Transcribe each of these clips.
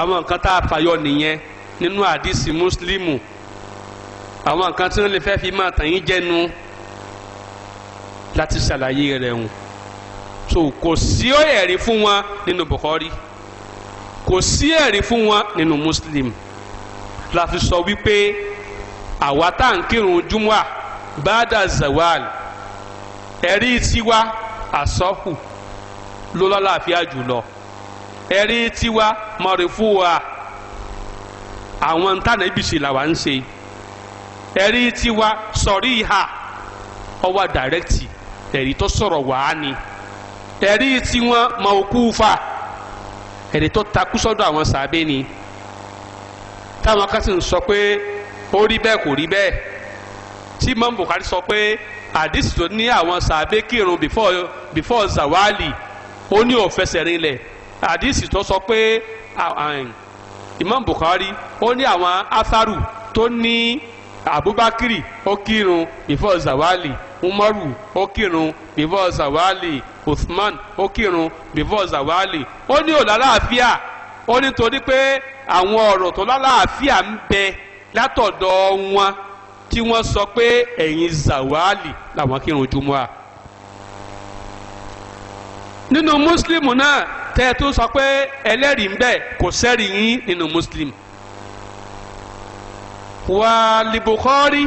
àwọn nǹkan tá a fàyọ nìyẹn nínú àdìsí mùsùlùmù àwọn nǹkan tí wọ́n lè fẹ́ fi máa tàn yín jẹ́nu láti ṣàlàyé rẹ̀ hùn so kò sí ẹ̀rí fún wọn nínú Bukhari kò sí ẹ̀rí fún wọn nínú Muslim la fi sọ wípé àwa tá à ń kírun jumwa bada zawal ẹ̀rí tiwa àsọ́kù ló lọ́la àfíà jùlọ ẹ̀rí tiwa mọ̀rìfú wa àwọn ntànà ibìsì làwa ń ṣe ẹ̀rí tiwa sọ̀rí ìhà ọwọ́ dàrẹ́kìtì ẹ̀rí tó sọ̀rọ̀ wàá ni ẹ̀rí tiwọn mọ̀ọ́kúfà ẹ̀rí tó takú sọ́dọ̀ àwọn sàbẹ̀ ni táwọn kan sì ń sọ pé ó rí bẹ́ẹ̀ kò rí bẹ́ẹ̀ tí mọ́mú Bukhari sọ pé àdìsí tó ní àwọn sàbẹ̀ kírun before before zawali ó ní ó rinlẹ̀ àdìsí tó sọ pé Imam Bukhari ó ní àwọn asaru tó ní Abubakiri ó kírun before zawali Umaru ó kírun before zawali Usman ó kírun before zawali ó ní òlàlàáfíà ó ní torí pé àwọn ọ̀rọ̀ tó lálàáfíà ń bẹ látọ̀dọ̀ wọn tí wọ́n sọ pé ẹ̀yìn zawali làwọn kírun jùmọ̀ nínú muslim náà tẹ́ ẹ tó sọ pé ẹlẹ́rìí ń bẹ kò sẹ́rìí yín nínú muslim wà libukhari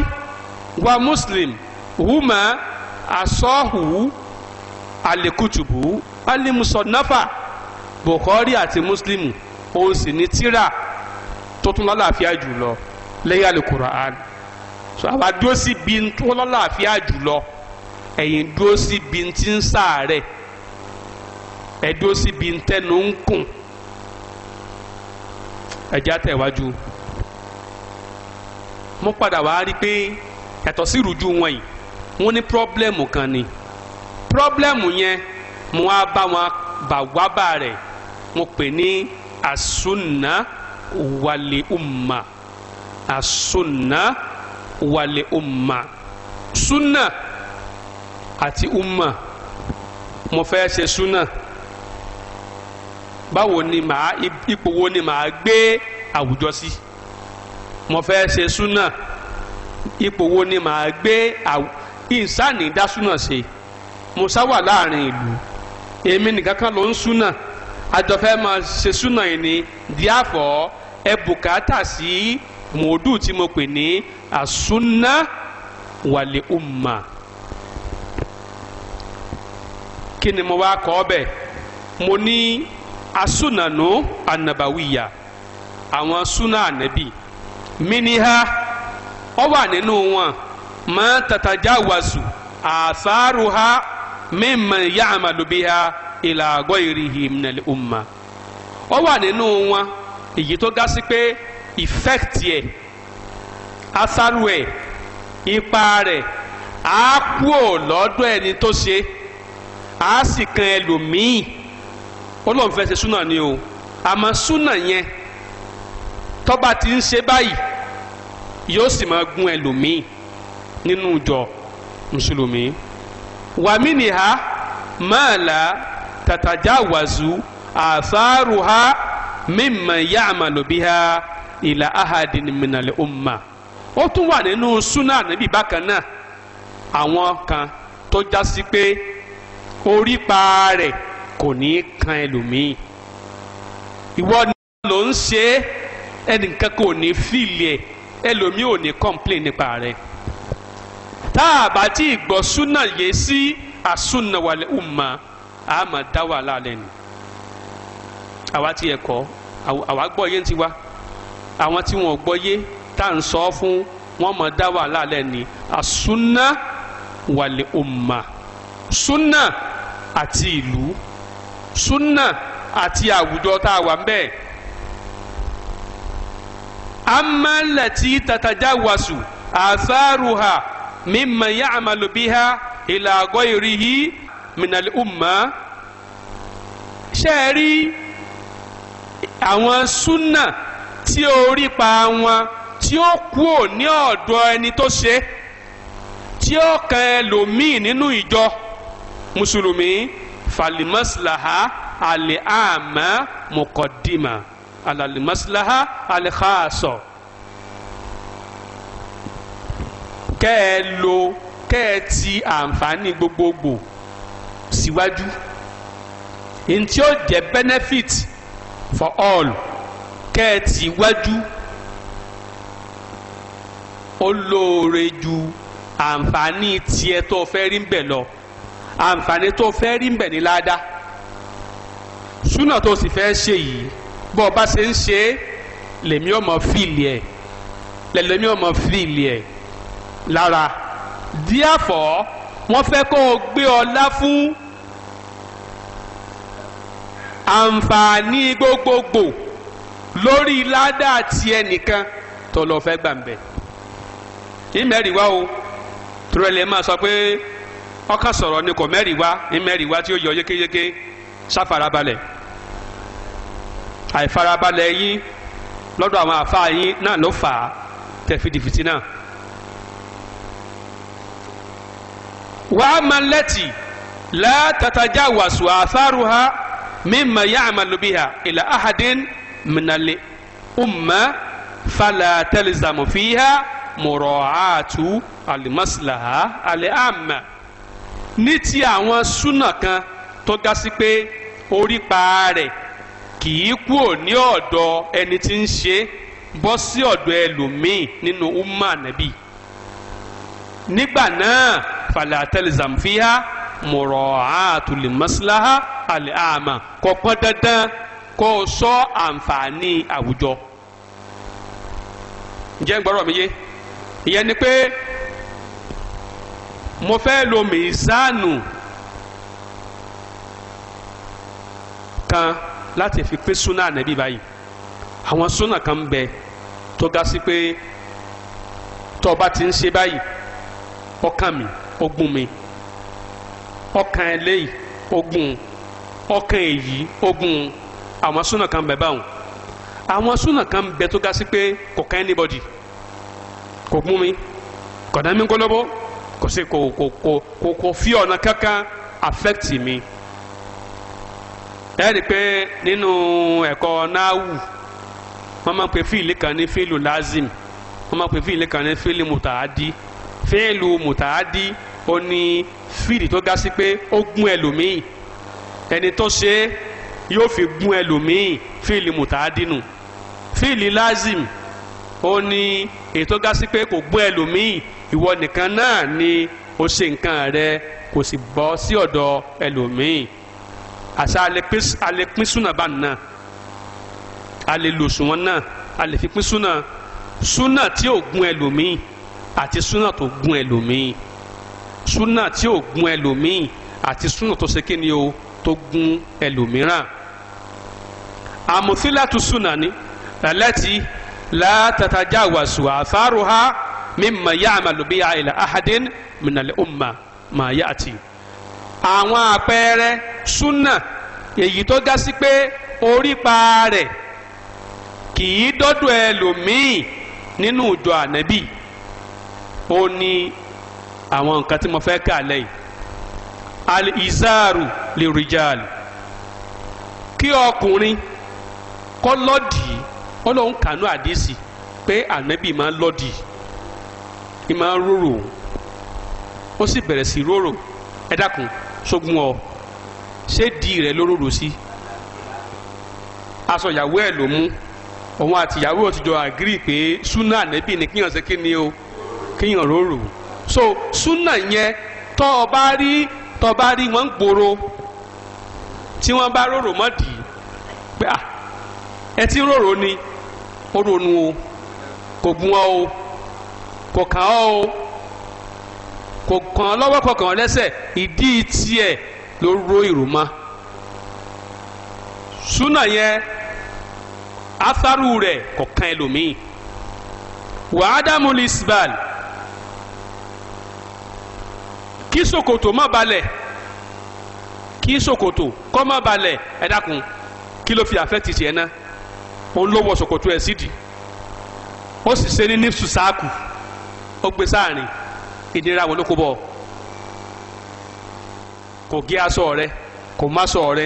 wà muslim wùmà asọ́hù alikutubu alimusonafa bukhari àti muslim òun sì ní tírà tó tún lálàáfíà jùlọ lẹ́yìn alukura'an so àwa dúró sí bí n tó lálàáfíà jùlọ ẹ̀yin dúró sí bí n ti ń sáà rẹ̀ ẹ̀dúró síbi ntẹ́nu ń kùn ẹ̀já tẹ̀wájú mo padà wá rí i pé yàtọ̀ sí ìrújú wọn yìí wọ́n ní pírọ́blẹ́mù kan ni pírọ́blẹ́mù yẹn mo á bá wọn bà wá mo pè ní àsúnà wàlẹ̀ umma àsúnà wàlẹ̀ umma súnà àti umma mo fẹ́ ṣe súnà báwo ni màá ipò wo ni màá gbé àwùjọ sí mo fẹ́ ṣe súnà ipò wo ni màá gbé ìsáàní dá súnà ṣe mo sá wà láàrin ìlú èmi nìkan kan ló ń súnà àjọfẹ́ máa ṣe súnà yìí ni díàfọ́ ẹ bùkátà sí mòódù tí mo pè ní àsúnà wàlẹ̀ umma kí ni mo wá kọ́ ọ bẹ́ẹ̀ mo ní asúnànú ànàbàwìyà àwọn súnà ànàbì mìníhà ó wà nínú wọn máa tàtàjà wàzù àfáàrùhà mímọ ìyá àmàlùbíhà ìlàgọ́ ìrìhì ìmìnàlẹ̀ ọmọ ó wà nínú wọn èyí tó ga sí pé ìfẹ́kìtì ẹ̀ asaru ẹ̀ ipa rẹ̀ á kúò lọ́dọ̀ ẹni tó ṣe á sì kan ẹlòmíì. Ọlọ́run fẹ́ ṣe súnà ni o àmọ́ súnà yẹn tọ́ba ti ń ṣe báyìí yóò sì máa gún ẹlòmíì nínú ìjọ mùsùlùmí wàmínìhà máàlá tàtàjáwàzú àfáàrùhà mímọ yàmàlùbíhà ìlà ahadìmínàlẹ ọmọ ó tún wà nínú súnà níbi bákan náà àwọn kan tó já pé orí pa rẹ̀ kò ní í kan ẹlòmíì ìwọ ló ń ṣe ẹnìkan kò ní fíìlì ẹ ẹlòmíì ò ní complain nípa rẹ tá a bá tí gbọ́ súnà yé sí àsúnà wàlẹ̀ umma a máa dá wàhálà lẹ́nu àwa ti ẹ̀kọ́ àwa gbọ́ yé ti wá àwọn tí wọn gbọ́ yé tá à ń sọ fún wọn máa dá wàhálà lẹ́nu àsúnà wàlẹ̀ umma súnà àti ìlú súnà àti àwùjọ tá a wà ń bẹ́ẹ̀ amalati tatajawasu asaruha mimman ya'malu biha ila ghayrihi minal umma ṣe é rí àwọn súnà tí orí pa wọn tí ó kúò ní ọ̀dọ̀ ẹni tó ṣe tí ó kan ẹlòmíì nínú ìjọ mùsùlùmí falimaslaha ali'ama mukodima alalimaslaha alikaasọ kẹ́ ẹ lo kẹ́ ẹ ti àǹfààní gbogbogbò síwájú ntí ó jẹ́ benefit for all kẹ́ ẹ ti ju àǹfààní tiẹ̀ tó fẹ́ rí àǹfààní tó fẹ́ rí mbẹ̀ ní ládàá súnà tó sì fẹ́ ṣe yìí bó o bá ṣe ń ṣe é lèmi ọmọ fíìlì ẹ̀ lẹ́lẹ́mi ọmọ fíìlì ẹ̀ lára díàfọ́ wọ́n fẹ́ kó o gbé ọlá fún àǹfààní gbogbogbò lórí ládàá tiẹ̀ nìkan tó lọ fẹ́ gbà ń o tùrọ̀lẹ̀ máa sọ pé ọkàn sọ̀rọ̀ ni kò mẹ́rìí wá ní mẹ́rìí wá tí ó yọ yékéyéké sáfarabalẹ̀ àìfarabalẹ̀ yín lọ́dọ̀ àwọn àfa yín náà ló fà á tẹ̀fìdìfìtì náà. wàá máa lẹ́tì látàtàjà wàsù àfárù ha mímọ yá àmàlùbí ìlà àhàdín mìnàlẹ̀ umma fàlà tẹlifíṣàmù fi mùrọ̀ àtú àlìmọ́sílà ha àmà ní ti àwọn súnà kan tó ga sí pé orí pa rẹ̀ kì í kúò ní ọ̀dọ̀ ẹni tí ń ṣe bọ́ sí ọ̀dọ̀ ẹlòmíì nínú umma nàbí nígbà náà falatẹ́lizam fíhá mọ̀rọ̀ àtúlẹ̀ mọ́síláhà àlẹ́ àmà kò dandan kó o sọ àǹfààní àwùjọ. ǹjẹ́ ń gbọ́rọ̀ mi yé ìyẹn ni pé mo fẹ́ lo mìsánù kan láti fi pé súnà ànábì báyìí àwọn súnà kan ń bẹ tó ga sí pé tó bá ti ń ṣe báyìí ọkàn mi ogun mi ọkàn eléyìí ogun ọkàn èyí ogun àwọn súnà kan ń bẹ báwọn àwọn súnà kan bẹ tó ga sí pé kò kàn anybody kò gún mi kò dá mi kólóbó kò sí kò kò kò kò kò fi ọ̀nà kankan affect mi ẹ rí i pé nínú ẹ̀kọ́ náàwù wọ́n máa ń pè fíìlì kan ní fíìlù lazim wọ́n máa ń pè fíìlì kan ní fíìlù mùtàádì fíìlù mùtàádì ó ní fíìlì tó ga sí pé ó gún ẹlòmíì ẹni tó ṣe é yóò fi gún ẹlòmíì fíìlì mùtàádì nù fíìlì lazim ó ní ètò ga sí pé kò gbọ́ ẹlòmíì ìwọ nìkan náà ni ó ṣe nǹkan rẹ kò sì bọ́ sí ọ̀dọ̀ ẹlòmíì àṣà alẹ́pínsúnà bá nà alẹ́lòsùnwọ̀n náà alẹ́fipínsúnà súnà tí ò gún ẹlòmíì àti súnà tó gún ẹlòmíì súnà tí ò gún ẹlòmíì àti súnà tó ṣe kíni o tó gún ẹlòmíràn àmọ̀fílà tún súnà ni lálẹ́ tí la tatajawazu atharuha mimma ya'malu biha ila ahadin minal umma ma ya'ti. àwọn àpẹẹrẹ súnà èyí tó ga sí pé orípa rẹ̀ kì í dọ́dọ̀ ẹlòmíì nínú ìjọ ànábì ó ní àwọn nǹkan tí mo fẹ́ kà lẹ́yìn al-izaru lirijal kí ọkùnrin kọ́ lọ́dìí ó lóun kànú àdìsí pé ànábì máa ń lọ́dì ní máa ń rorò ó sì bẹ̀rẹ̀ sí rorò ẹ dákun sógun ọ ṣé di rẹ ló rorò sí aṣọ ìyàwó ẹ ló mú òun àti ìyàwó ẹ ti jọ àgírí pé súnà ànábì ni kíyàn ṣe kí o kíyàn rorò so súnà yẹn tọ́ ọ bá rí tọ́ ọ bá rí wọ́n ń gbòòrò tí wọ́n bá rorò mọ́ dì í pé ah ẹ ti rorò ni ó ronú o kò gun ọ o kò kàn ọ o kò kàn án lọ́wọ́ kò lẹ́sẹ̀ ìdí tiẹ̀ ló ro ìròmọ́ súnà yẹn atharu rẹ̀ kò kan ẹlòmíì wàhádàmù lisbal kí ṣòkòtò má balẹ̀ kí ṣòkòtò kọ́ má balẹ̀ ẹ dákun kí ló fi àfẹ́ ti tiẹ̀ náà. òun ló wọ ṣòkòtò ẹ̀ sídìí ó sì ṣe ní nípsù sáàkù ó gbé sáàrin ìnira wo ló kó bọ̀ kò gé aṣọ rẹ̀ kò má sọ rẹ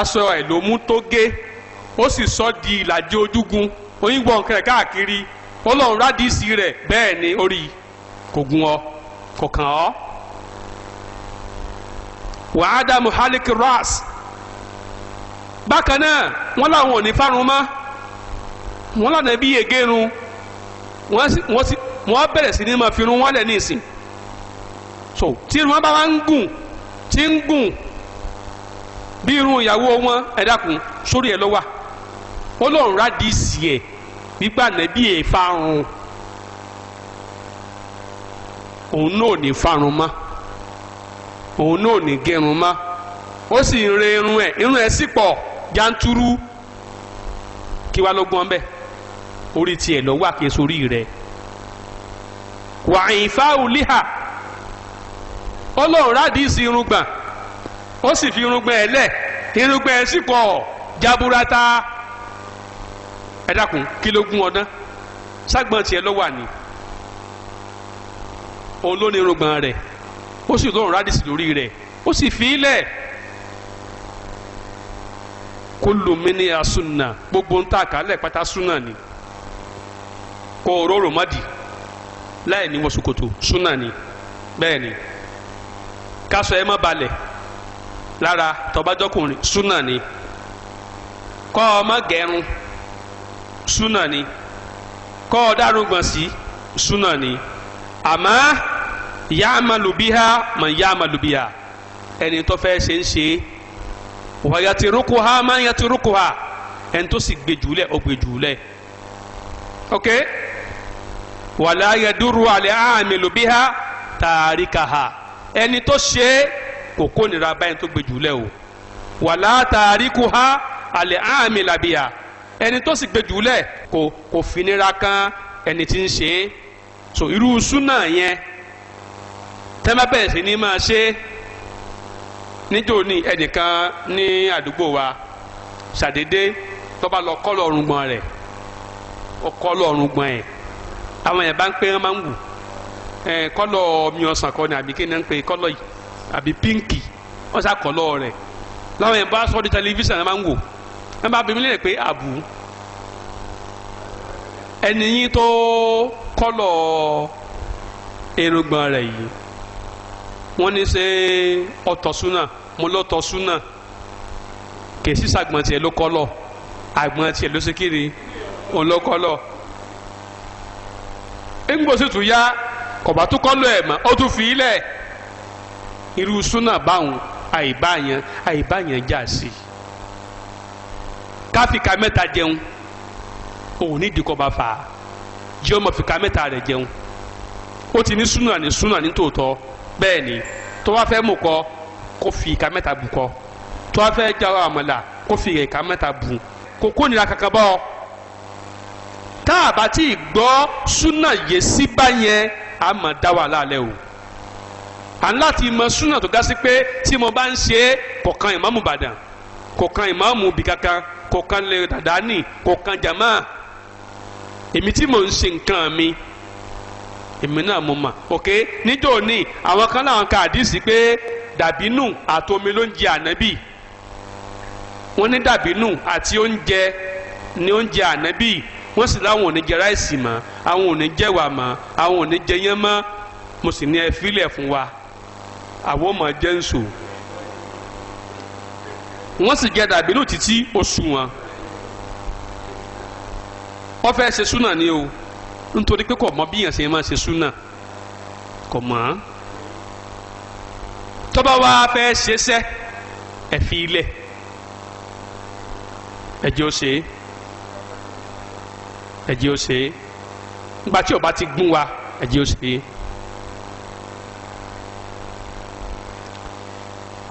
aṣọ ẹ̀ ló mú tó gé ó sì sọ di ìlàjì ojúgun oyinbo nǹkan ẹ̀ káàkiri ọlọ́run rádìsí rẹ bẹẹ ni orí kò gun ọ kò kàn ọ́. wàhádà muhalik ras bákan náà wọn láwọn ò ní fárun mọ́. wọ́n lànà bí yege irun wọ́n bẹ̀rẹ̀ sí ní máa fi irun wọn lẹ̀ ní ìsìn so tí irun wọn bá wá ń gùn tí ń gùn bí irun ìyàwó wọn ẹ dákun sórí ẹ̀ lọ́wọ́ Ọlọ́run rádìsì ẹ̀ gbígbà nàbí èèfàrun òun náà ní farun mọ́ òun náà ní gẹrun mọ́ ó sì ń re irun ẹ, irun ẹ sì pọ̀ janturu kí wàá ló gbọ́n bẹ́ẹ̀. orí tiẹ̀ lọ wá kí èso orí rẹ̀ wà ìfáwù líhà ọlọ́run rádìísì irùngbọ̀n ó sì fi irùngbọ̀n ẹ̀ lẹ̀ irùngbọ̀n ẹ̀ sì pọ̀ jaburata ẹ dákun kílógún ọdún ságbọn tiẹ̀ ló wà ní òun ló si irùngbọ̀n rẹ̀ ó sì lóun si lórí rẹ̀ ó sì fi í lẹ̀ kúlùmí ní asúnà gbogbo ń tà kálẹ̀ pátá súnà ni. kó o róró mọ́dì láì ní wọ̀n ṣòkòtò súnà ni bẹ́ẹ̀ ni kásọ ẹ má balẹ̀ lára tọ́bájọ́kùnrin súnà ni kọ́ ọ má gẹrun súnà ni kọ́ ọ dárúgbọ̀n sí súnà ni àmọ́ ìyá àmàlùbíhá mọ̀ ìyá àmàlùbíhá ẹni tó fẹ́ ṣe ń ṣe wàyà ti rúkú ha máa ń rúkú ha ẹni tó sì gbèjúlẹ̀ ó gbèjúlẹ̀ ok wàlá yẹdúró àlẹ́ àmìlú bí ha tààrí ka ha ẹni tó ṣe kò kó nira báyìí tó gbé jùlẹ̀ o wàlá tààrí ku ha àlẹ́ àmìlú bí ẹni tó sì gbé jùlẹ̀ kò kò finira kan ẹni tí ń ṣe so irú súnà yẹn tẹ́lá bẹ́ẹ̀ sì ni máa ṣe níjó ni ẹnìkan ní àdúgbò wa ṣàdédé tó bá lọ kọ́ lọ́rùn rẹ̀ ó kọ́ yẹn àwọn yẹn bá ń pè wọn máa ń wù ẹ kọ́lọ̀ mi ọ̀sán kọ́ ni àbí kí ni ń pè kọ́lọ̀ yìí àbí pínkì wọ́n sá kọ́lọ̀ rẹ̀ láwọn yẹn bá sọ di tẹlifíṣàn ẹ máa ń wò ẹ máa bí mi lè pé àbù ẹni yín tó kọ́lọ̀ erùgbọ̀n rẹ̀ yìí wọ́n ní ṣe ọ̀tọ̀súnà mo kèsì sàgbọ̀n tiẹ̀ ló kọ́lọ̀ àgbọ̀n tiẹ̀ ló ṣe kiri òun ńgbò sì tún yá kọ̀bá tún kọ́lù ẹ̀ mọ́ ó tún fi ilẹ̀ irú súnà báwọn àìbáyàn àìbáyàn já sí i káfíkà mẹ́ta jẹun òun ní ìdíkọ̀bá fà á jẹ́ ọmọ fìkà mẹ́ta rẹ̀ jẹun ó ti ní súnà ní súnà ní tòótọ́ bẹ́ẹ̀ ni tó bá fẹ́ mú kọ kó fi ìka mẹ́ta bù kọ tó bá fẹ́ jáwọ́ àmàlà kó fi ìka mẹ́ta bù kò nira kankan bọ́ ọ tá a bá ti gbọ́ súnà yé sí báyẹn a mọ̀ dá wà lálẹ́ o à ń láti mọ súnà tó ga sí pé tí mo bá ń ṣe kọ̀ọ̀kan ìmáàmù Ìbàdàn kọ̀ọ̀kan ìmáàmù bì kankan kọ̀ọ̀kan lè dàdá nì kọ̀ọ̀kan jàmá èmi tí mò ń ṣe nǹkan mi èmi náà mo mà ok níjọ́ òní àwọn kan láwọn ka àdìsí pé dàbínù àtomi ló ń jẹ ànábì wọ́n ní dàbínù àti oúnjẹ ni oúnjẹ ànábì wọ́n sì láwọn ò ní jẹ ráìsì mọ́ àwọn ò ní jẹ wà mọ́ àwọn ò ní jẹ yẹn mọ́ mo sì ní ẹ filẹ̀ fún wa àwọn ò mọ̀ jẹ́ ń sò wọ́n sì jẹ dàbí ní títí oṣù wọn wọ́n fẹ́ ṣe súnà ni o nítorí pé kò mọ bí yẹn ṣe máa ṣe súnà kò mọ̀ tọ́ba wa fẹ́ ṣe sẹ́ ẹ fi ilẹ̀ ẹ ó ṣe é. ẹjẹ ó ṣe é nígbà tí ọba ti gún wa ẹjẹ ó ṣe é.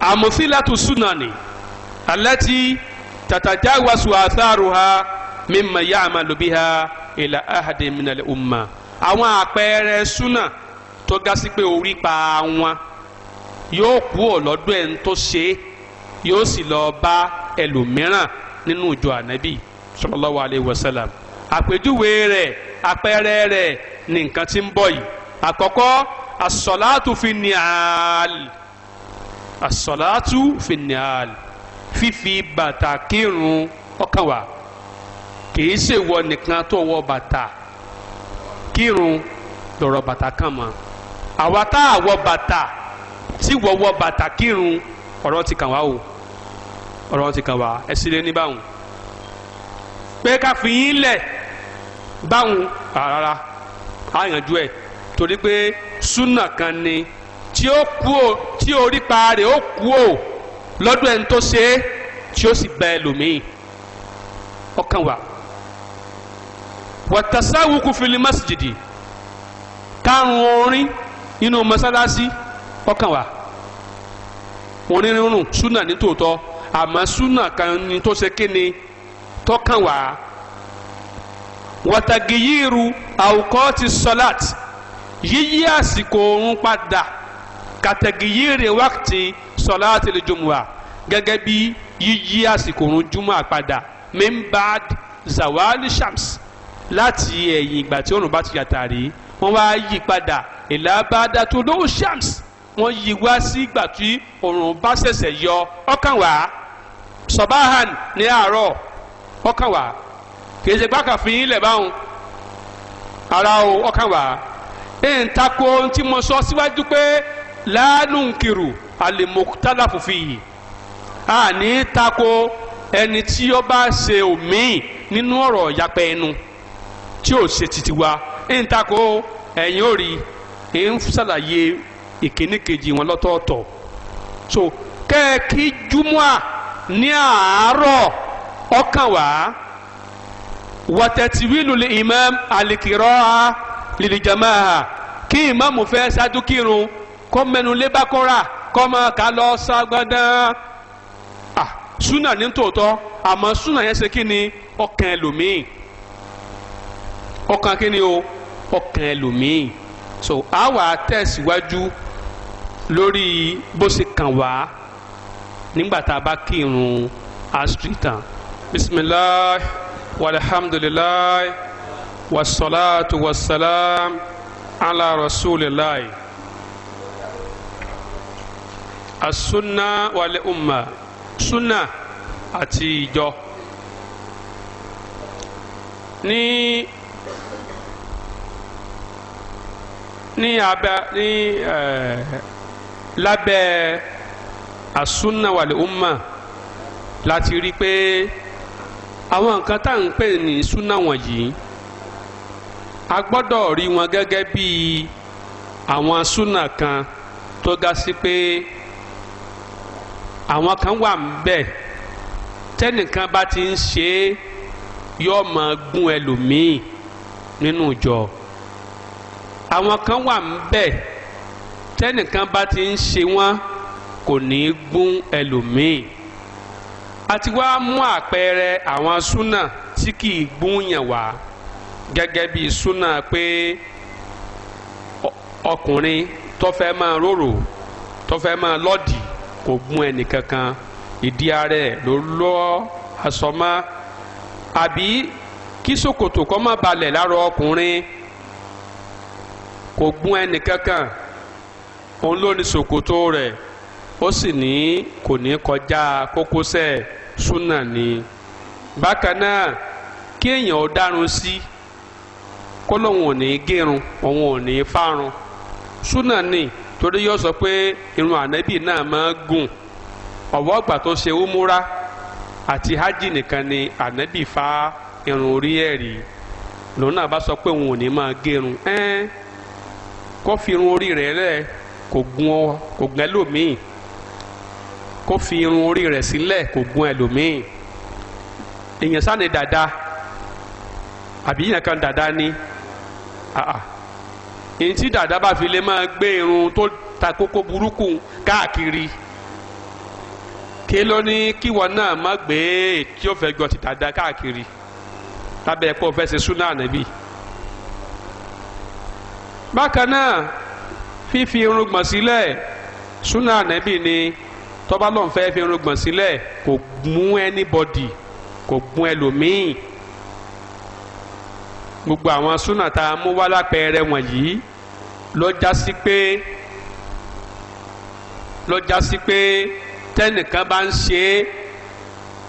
àmùsílàtú súnàní aláti tàtàjáwàsù àtàrùhà mímọ yá àmàlù bí ha ìlà àhàdè mìnàlẹ umma àwọn àpẹẹrẹ súnà tó ga sí pé orí pa wọn yóò kú ọ lọ́dọ̀ ẹni tó ṣe é yóò sì lọ bá ẹlòmíràn nínú ìjọ ànábì sallallahu alaihi wasallam àpèjúwe rẹ̀ àpẹẹrẹ rẹ̀ ní nǹkan tí ń bọ̀ yìí àkọ́kọ́ asọ̀látù fi ní ààlì asọ̀látù fi ní ààlì fífi bàtà kírun ọkàn wà kìí ṣèwọ nìkan tó wọ bàtà kírun lọ̀rọ̀ bàtà kan mọ́ àwa tá a wọ bàtà tí wọ́n wọ bàtà kírun ọ̀rọ̀ ti kàn wá o ọ̀rọ̀ ti kàn wá ẹ sílé níbàwọ̀n pé ká fi yín lẹ̀ báwọn rárá á yanjú ẹ̀ torí pé súnà kan ni tí ó kú ò tí orí pa rẹ̀ ó kú ò lọ́dún ẹni tó ṣe é tí ó sì gba ẹlòmíì ọkàn wa wàtàsáwùkù fìlí mọ́sídìdì kárùn orin inú mọ́sálásí ọkàn wa orin rírun súnà ní àmọ́ súnà kan ni tó ṣe kéne tọ́kàn wá. wọ́tàgìyìrú àwùkọ́tì sọ́láàt yíyí àsìkò òun padà kàtàgìyìrì wákìtì sọ́láàtì lè jùmùà gẹ́gẹ́ bí yíyí àsìkò òun jùmùà padà mimbad zawali shams láti ẹ̀yìn ìgbà tí òun bá ti yàtàrí wọ́n wá yí padà ìlàbàdà tó lówó shams wọ́n yí wá sí ìgbà tí òun bá ṣẹ̀ṣẹ̀ yọ ọkàn wá sọ̀báhàn ní àárọ̀ ọkàn wá kì í ṣe gbáka fi yín lẹ̀ báwọn ara o ọkàn wà ẹ̀ ń takò ohun tí mo sọ síwájú pé lánùkìrù àlèmọ̀tálàfù fi yìí a ní takò ẹni tí ó bá ṣe òmíì nínú ọ̀rọ̀ yapẹ̀ ẹnu tí ò ṣe títí wa ẹ̀ ń takò ẹ̀yìn ò rí ẹ̀ ń ṣàlàyé ìkíní kejì wọn lọ́tọ̀ọ̀tọ̀ so kẹ́ẹ̀kí júmọ́à ní àárọ̀ ọkàn wàá wàtẹ̀tìwìlù lè imam alikirọ́ha lìlìjàmáà kí ìmáàmù fẹ́ ṣáájú kírun kọ́ mẹ́nu lé bá kọ́ra kọ́ máa kà lọ a súnà ní tòótọ́ àmọ́ súnà yẹn ṣe kí ni ọkàn ẹlòmíì ọkàn kí ni o ọkàn ẹlòmíì so a wà á tẹ̀síwájú lórí bó ṣe kàn wá nígbà tá a bá kírun astrid tán bisimilahi walhamdulilayi wasalaatu wasalaam ala rasulilayi asunna wale umma sunna àti ìjọ ní ní abẹ ní ẹ eh, lábẹ́ asunna wale umma láti rí i pé àwọn nǹkan tá à ń pè ní súnà wọ̀nyí a gbọ́dọ̀ rí wọn gẹ́gẹ́ bí àwọn súnà kan tó ga sí pé àwọn kan wà ń bẹ tẹ́nìkan bá ti ń ṣe é yóò máa gún ẹlòmíì nínú ìjọ àwọn kan wà ń bẹ tẹ́nìkan bá ti ń ṣe wọ́n kò ní í gún ẹlòmíì a ti wá mú àpẹẹrẹ àwọn súnà tí kì í gbóyàn wá gẹ́gẹ́ bí súnà pé ọkùnrin tó fẹ́ máa rorò tó fẹ́ máa lọ́dì kò gún ẹnìkankan ìdí ara ẹ̀ ló lọ́ aṣọ àbí kí ṣòkòtò kó má balẹ̀ lára ọkùnrin kò gún ẹnìkankan òun ló ní ṣòkòtò rẹ̀ ó sì ní kò ní kọjá kókósẹ̀ súnà ni bákan náà kí èèyàn ó sí kó lóun ò ní gérun òun ò súnà ni torí yóò sọ pé irun ànábì náà máa gùn ọ̀wọ́ ọgbà tó ṣe úmúra àti hajj nìkan ni ànábì fa irun orí lòun náà bá sọ pé òun ò ní fi irun orí rẹ̀ kò gun kó fi irun orí rẹ̀ sílẹ̀ kó gun ẹlòmíì èèyàn sáni dada àbí èèyàn kan dada ni èyí tí dada bá fi lè máa gbé irun tó ta kókó burúkú káàkiri kí ló ní kíwọ náà má gbé tí ó fẹ́ gbọ́ ti dada káàkiri lábẹ́ ẹ̀pọ̀ fẹ́ ṣe súnà ànábì bákan náà fífi irun gbọ̀n sílẹ̀ súnà ànábì ni tọ́ba lọ́n fẹ́ fi irùngbọ̀n sílẹ̀ kò mú anybody kò gún ẹlòmíì gbogbo àwọn súnà tá a mú wá lápẹẹrẹ wọ̀nyí ló já sí pé ló já sí pé tẹnìkan bá ń ṣe é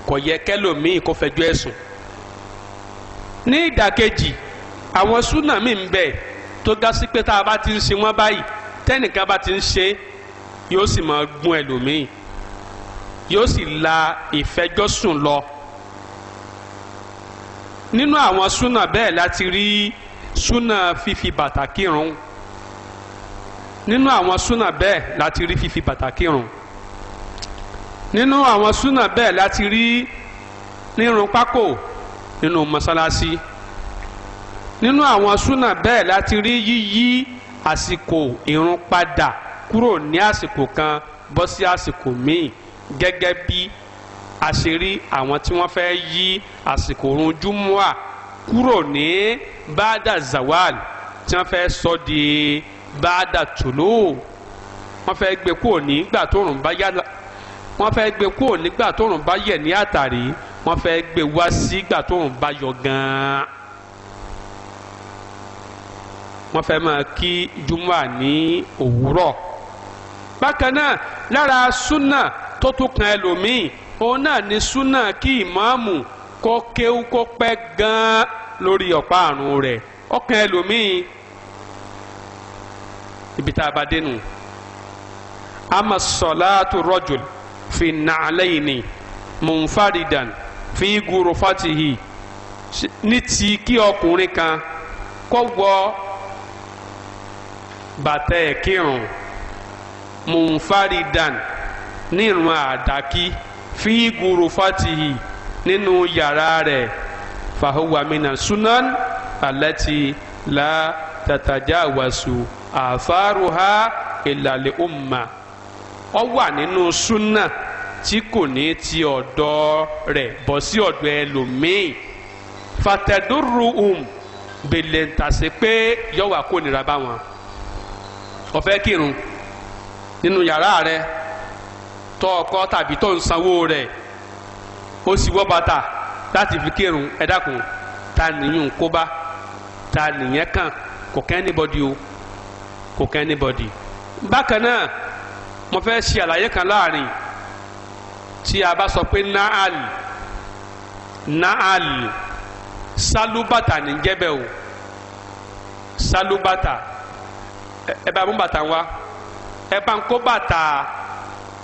kò yẹ kẹlòmíì kó fẹjọ́ ẹ̀sùn ní ìdàkejì àwọn súnà míì ń bẹ tó já sí pé tá a bá ti ń ṣe wọ́n báyìí tẹnìkan bá ti ń ṣe yóò sì máa gún ẹlòmíì yóò sì la ìfẹjọ́sùn lọ nínú àwọn súnà bẹ́ẹ̀ láti rí súnà fífi bàtà kírun nínú àwọn súnà bẹ́ẹ̀ láti rí fífi bàtà kírun nínú àwọn súnà bẹ́ẹ̀ láti rí rírun pákò nínú mọ́sálásí nínú àwọn súnà bẹ́ẹ̀ láti rí yíyí àsìkò ìrun padà kúrò ní àsìkò kan bọ́ sí àsìkò míì gẹ́gẹ́ bí àṣírí àwọn tí wọ́n fẹ́ yí àsìkò oorun júmọ́à kúrò ní báàdà zawal tí wọ́n fẹ́ sọ di báàdà tòló wọ́n fẹ́ gbé kúrò nígbà tóòrùn bá yá wọ́n fẹ́ gbé kúrò nígbà tóòrùn bá yẹ̀ ní àtàrí wọ́n fẹ́ gbé wá sígbà tóòrùn bá yọ gan-an wọ́n fẹ́ máa kí júmọ́à ní òwúrọ̀ bákan náà lára súnà tó tún kan ẹlòmíì òun náà ni súnà kí ìmáàmù kó kéwú kó pẹ́ gan-an lórí ọ̀pá àrùn rẹ̀ ọkàn ẹlòmíì ibi tá a bá dénú ama sọláàtù rọjòl fi nàlẹ́yìnì mùnfàrìdàn fi gùrùfàtìhì ní ti kí ọkùnrin kan kọ́ wọ bàtà ẹ̀kírun mùnfàrìdàn. E ní ìrun àdákí fi gùrù fatihi nínú yàrá rẹ̀ fahuwa mina sunan alati la tatajawasu àfáruha ìlàlẹ̀ umma ó wà nínú súnà tí kò ní ti ọ̀dọ̀ rẹ̀ bọ́ sí ọ̀dọ̀ ẹlòmíì fataduru um bèlè ntàsí pé yọ̀wà kò nira bá wọn ó kírun nínú yàrá rẹ̀ tó ọkọ tàbí tó ń sanwó rẹ̀ ó sì wọ́ bàtà láti fi kírun ẹ ta nìyẹn kó ta nìyẹn kàn kò kẹ́ anybody o kò kẹ́ anybody. bákan náà mo fẹ́ ṣe àlàyé kan láàrin tí a bá sọ pé naal naal salubata n'i jẹ́bẹ̀ o salubata ẹ bá mú bàtà ẹ bá ń kó bàtà.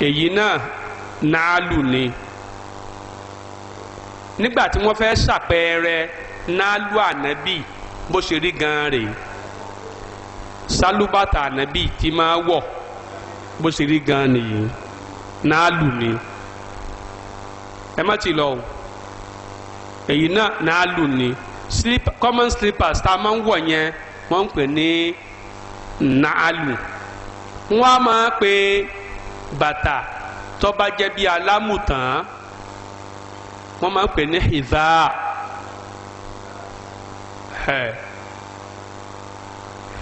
èyí náà na ni nígbà tí wọ́n fẹ́ ṣàpẹẹrẹ náàlù ànábì bó ṣe rí gan rèé salubata ànábì ti máa wọ̀ bó ṣe rí gan nìyí náàlù ni ẹ má ti lọ èyí náà common slippers tá a máa ń wọ̀ yẹn wọ́n ń pè ní náàlù wọ́n á máa pe. bàtà tó bá bí alámùtàn wọ́n máa ń pè ní hizaa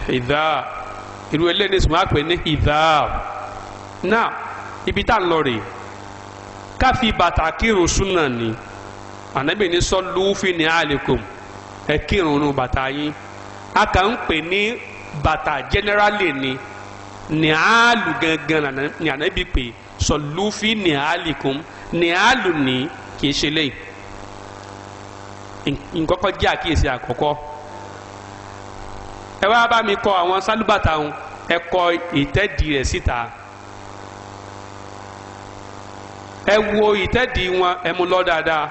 hizaa irú eléyìí ní náà ibi tá à ń lọ rèé káfí bàtà ni ànábì ní sọlú fi ní ẹ a ka ń pè ní bàtà ni. nìhálù gangan ní ànábì pé sọlúfì nìhálìkún ni kì í ṣe lẹ́yìn nkọ́kọ́ jẹ́ àkíyèsí àkọ́kọ́ ẹ wá bá mi àwọn sálúbàtà ọ̀hún ìtẹ́dì rẹ̀ síta E wo ìtẹ́dì wọn ẹ dáadáa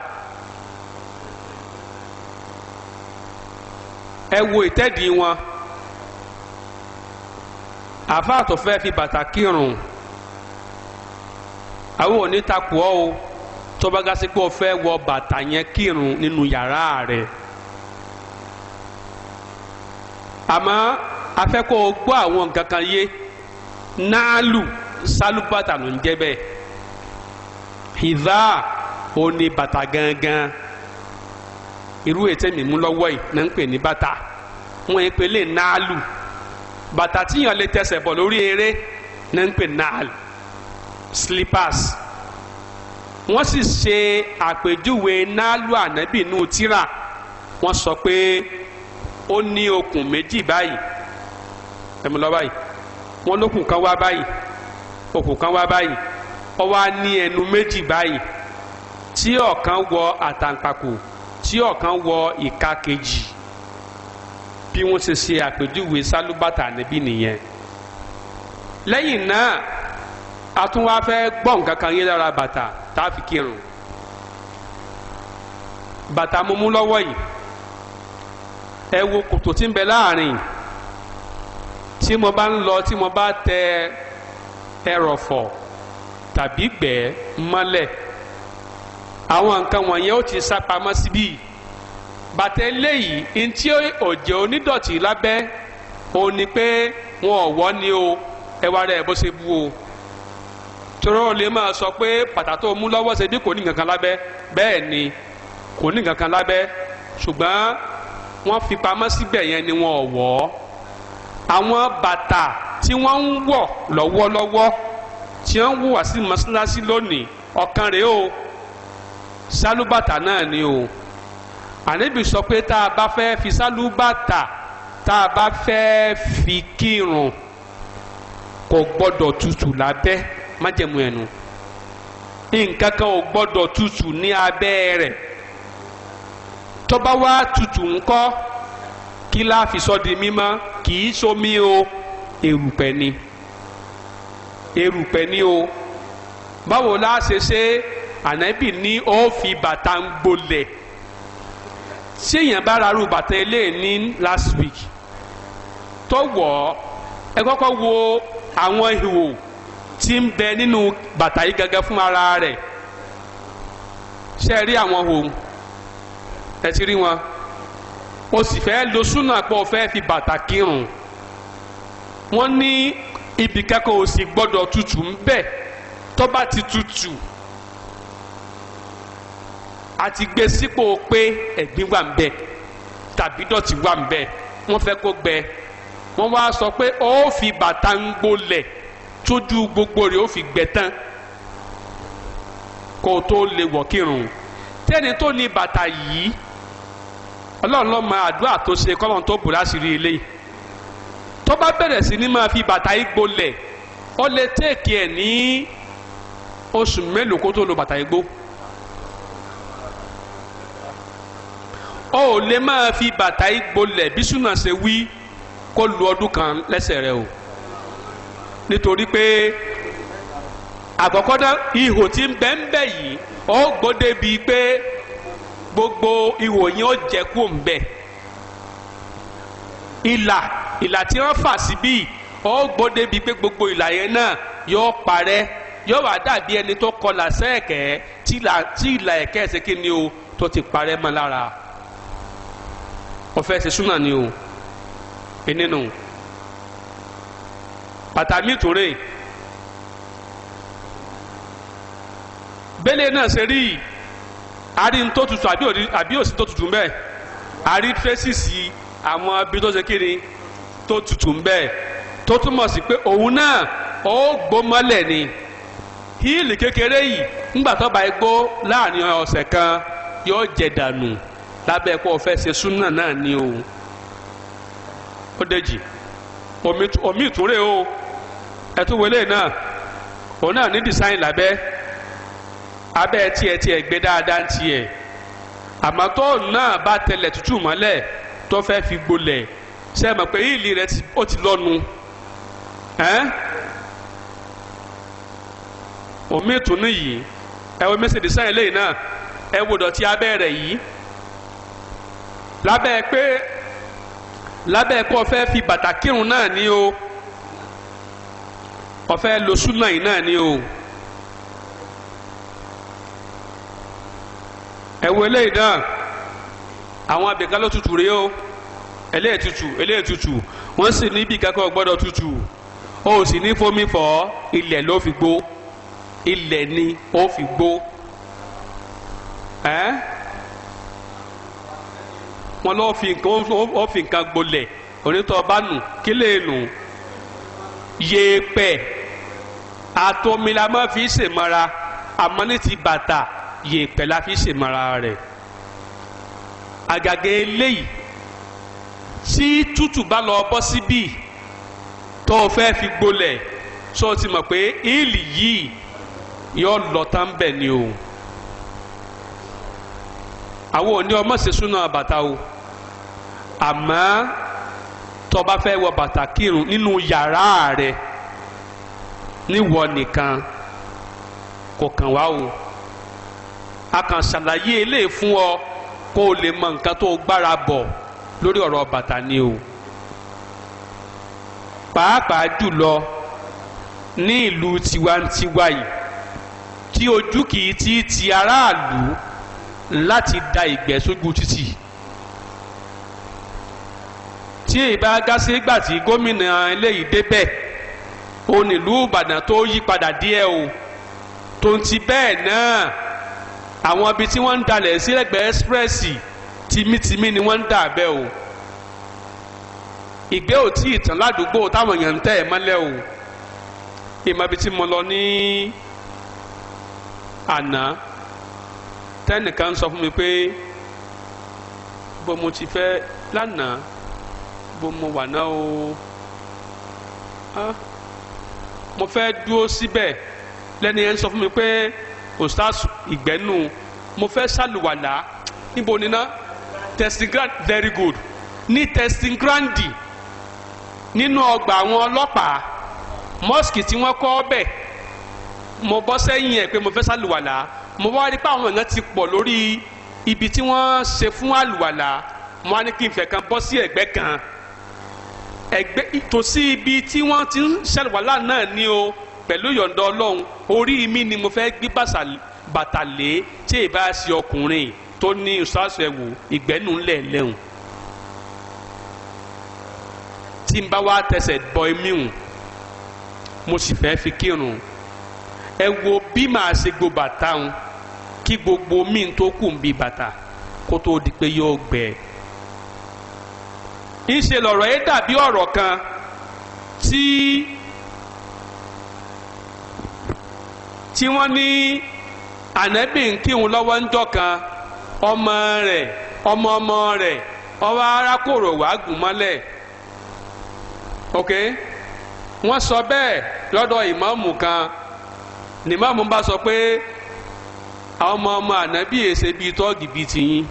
wo itedi wọn. àfáà tó fẹ́ fi bàtà kírun àwọn ò ní o tó bá gá sí wọ bàtà yẹn kírun nínú yàrá rẹ àmọ́ afẹ́ kó o gbọ́ àwọn nǹkan náàlù sálúbàtà ló ń gangan irú ètè mímú lọ́wọ́ yìí ń pè ní bàtà wọ́n ń bàtà tíyàn lè tẹsẹ̀ bọ̀ lórí eré náà ń pè nàl slippers wọ́n sì ṣe àpèjúwe náàlù ànábì inú tíra wọ́n sọ pé ó ní okùn méjì báyìí ẹ̀mú lọ báyìí wọ́n lókùn kan wá báyìí okùn kan wá báyìí ó wá ní ẹnu méjì báyìí tí ọ̀kan wọ àtàǹpàkò tí ọ̀kan wọ ìka kejì bí wọ́n ṣe ṣe àpèjúwe sálúbàtà níbí nìyẹn lẹ́yìn náà a tún wá fẹ́ gbọ́ nǹkan kan yé lára bàtà tá a fi kírun bàtà mo mú lọ́wọ́ yìí ẹ wo kòtò tí ń bẹ láàrin tí mo bá ń lọ tí mo bá tẹ ẹrọ̀fọ̀ tàbí gbẹ́ mọ́lẹ̀ àwọn nǹkan wọ̀nyẹn ó ti sápamọ́ síbí yìí bàtà eléyìí ntí òjò onídọ̀tí lábẹ́ òun ni pé wọn ò wọ́ ni o ẹwà rẹ̀ bó ṣe bu o tóró lè máa sọ pé bàtà tó lọ́wọ́ ṣe bí kò ní kankan lábẹ́ bẹ́ẹ̀ ni kò ní kankan lábẹ́ ṣùgbọ́n wọ́n fi pamọ́ síbẹ̀ yẹn ni wọn ò wọ́ ọ́ àwọn bàtà tí wọ́n ń wọ̀ lọ́wọ́lọ́wọ́ tí wọ́n ń wọ̀ wá sí mọ́ṣáláṣí lónìí ọ̀kan rèé o sálúbàtà náà ni o ànábì sọ pé tá a bá fẹ́ fi sálúbàtà tá a bá fẹ́ fi kírun kò gbọ́dọ̀ tutù lábẹ́ májẹ̀mú ẹnu nǹkan kan ò gbọ́dọ̀ tutù ní abẹ́ rẹ̀ tó wá tutù ńkọ́ kí láàfin sọ di mímọ́ kì í somi o erùpẹ̀ ni erùpẹ̀ ni o báwo la ṣe ṣe ànábì ní ó fi bàtà ń gbolẹ̀. tí èèyàn bá ra arú bàtà ilé ní last week tó wọ ọ́ ẹ kọ́kọ́ wo àwọn ihò tí ń bẹ nínú bàtà yìí gẹ́gẹ́ fún ara rẹ ṣe rí àwọn ohun ẹ ti rí wọn o sì fẹ́ lo súnà pé o fẹ́ fi bàtà kírun won ní ibi kankan ò sì gbọ́dọ̀ tutù ń bẹ tó bá ti tutù. àti gbé sípò pé ẹ̀gbin wà ń bẹ tàbí dọ̀tí wà ń bẹ wọ́n fẹ́ kó gbẹ wọ́n wá sọ pé ó fi bàtà ń gbolẹ̀ tójú gbogbo rẹ̀ ó fi gbẹ tán kó o tó lè wọ̀ kírun tẹ́ni tó ní bàtà yìí ọlọ́run ló mọ àdúrà tó ṣe kọ́lọ́n tó bù láṣìírí ilé tó bá bẹ̀rẹ̀ sí ní máa fi bàtà yìí gbolẹ̀ ó lè téèkì ẹ̀ ní oṣù mélòó kó tó lo bàtà yìí gbó. ọ ò lè máa fi bàtà igbolẹ̀ bí súnà ṣe wí kó lu ọdún kan lẹ́sẹ̀ rẹ o nítorí pé àkọ́kọ́ náà ihò tí ń bẹ́ ń bẹ́ yìí ó gbódé bíi pé gbogbo ihò yẹn ó jẹ́ kó ń bẹ̀ ìlà ìlà tí wọ́n fà síbí ó gbódé bíi pé gbogbo ìlà yẹn náà yóò parẹ́ yóò wá dàbí ẹni tó kọlà sẹ́ẹ̀kẹ́ tí ìlà ẹ̀kẹ́ ṣe kí ni o tó ti parẹ́ mọ́ lára ọ̀fẹ́ ṣe súnà ni o ẹnìnú pàtàmì ìtòrè bẹ́lẹ̀ náà ṣe rí àrí tó tutù àbí òsì tó tutù mbẹ́ àrí tírẹ́sìsì àwọn abí tó ṣe kiri tó tutù mbẹ́ tó túmọ̀ sí pé òun náà ó gbómọ́lẹ̀ ni híìlì kékeré yìí ńgbà tó bá igbó láàrin ọ̀sẹ̀ kan yóò jẹ dànù. lábẹ́ ẹ̀kọ́ ọ̀fẹ́ ṣe súnà náà ni o ó dèjì omi ìtúrẹ́ o ẹ̀tún wọlé náà òun náà ní design lábẹ́ abẹ́ tiẹ̀ tiẹ̀ gbé dáadáa ń tiẹ̀ àmọ́ tó náà bá tẹlẹ̀ tútù mọ́lẹ̀ tó fẹ́ fi gbolẹ̀ ṣe é mọ̀ pé ìlì rẹ̀ ó ti lọ́nu omi ìtúnu yìí ẹ wo mẹsẹ̀ design lẹ́yìn náà ẹ wo dọ̀tí abẹ́ rẹ̀ yìí. lábẹ́ pé lábẹ́ kọ́ fẹ́ fi bàtà kírun náà ní o ọ̀fẹ́ lo súnà yìí náà ní o ẹ̀wọ̀n eléyìí náà àwọn abẹ̀ká ló tutù rí o eléyìí tutù eléyìí tutù wọ́n sì ní ibi kankan gbọ́dọ̀ tutù o sì ní fomi fọ́ ilẹ̀ ló fi gbó ilẹ̀ ni ó fi gbó Eh? wọn lọ fi nǹkan ó fi nǹkan gbolẹ̀ onítọ̀ bá nù kí lè nù yèèpẹ̀ àtomi la fi ṣèmọ́ra àmọ́ ní ti bàtà yèèpẹ̀ la fi ṣèmọ́ra rẹ̀ àgàgà eléyìí tí tútù bá lọ bọ́ síbí tó o fẹ́ fi gbolẹ̀ sọ ti mọ̀ pé ìlì yìí yóò lọ tán bẹ̀ ni o àwọn òní ọmọ ṣe súná bàtà o àmọ́ tó bá fẹ́ wọ bàtà kírun nínú yàrá rẹ níwọ nìkan kò kàn wá o a kàn ṣàlàyé eléyìí fún ọ kó o lè mọ nǹkan tó gbára bọ̀ lórí ọ̀rọ̀ bàtà ni o pàápàá jùlọ ní ìlú tiwantiwa yìí tí ojú kìí ti ti aráàlú láti da ìgbẹ́ sójú títì. So tí ìbá ga sí ìgbà tí gómìnà eléyìí débẹ̀ onílù Ìbàdàn tó yí padà díẹ̀ o tó ń ti bẹ́ẹ̀ náà àwọn ibi tí wọ́n ń dalẹ̀ sí lẹ́gbẹ̀ẹ́ ẹ́sprẹ́sì tìmítìmí ni wọ́n ń dà bẹ́ẹ̀ o ìgbé òtí ìtàn ládùúgbò táwọn èèyàn ń tẹ̀ ẹ́ mọ́lẹ̀ o ìmọ̀ ibi tí mo lọ ní àná tẹ́nìkan sọ fún mi pé bó mo ti fẹ́ lánàá níbo mo wà náà o mo fẹ́ dúró síbẹ̀ lẹ́ni yẹn sọ fún mi pé ostars ìgbẹ́nu mo fẹ́ ṣàlùwàlà níbo ni náà testing ground very good ní testing grandi nínú ọgbà àwọn ọlọ́pàá mosque tí wọ́n kọ́ ọbẹ̀ mo bọ́ sẹ́yìn ẹ̀ pé mo fẹ́ ṣàlùwàlà mo wá rí pé àwọn èèyàn ti pọ̀ lórí ibi tí wọ́n ṣe fún àlùwàlà mo á ní kí n fẹ́ kan bọ́ sí ẹ̀gbẹ́ kan ẹ̀gbẹ́ ìtòsí ibi tí wọ́n ti ń ṣàlùwàlà náà ni o pẹ̀lú yọ̀ǹda ọlọ́run orí mi ni mo fẹ́ gbé bàtà lé tí èyí bá ṣe ọkùnrin tó ní ìṣàṣọ ẹ̀wò ìgbẹ́nu ńlẹ̀ lẹ́hùn tí n bá wá tẹsẹ̀ bọ imíhùn mo sì fẹ́ fi kírun ẹ wo bí màá ṣe gbo bàtà ń kí gbogbo mi tó kù ń bi bàtà kó tó di pé yóò gbẹ ìṣe lọ̀rọ̀ yẹn dàbí ọ̀rọ̀ kan tí tí wọ́n ní ànábì ń kírun lọ́wọ́ ń dọ̀kan ọmọ rẹ̀ ọmọ ọmọ rẹ̀ ọwọ́ arákòrò wàá gùn mọ́lẹ̀ ok wọ́n sọ bẹ́ẹ̀ lọ́dọ̀ ìmáàmù kan ni ìmáàmù bá sọ pé àwọn ọmọ ọmọ ànábì èsè bíi tọ́ọ̀gì bíi tiyín.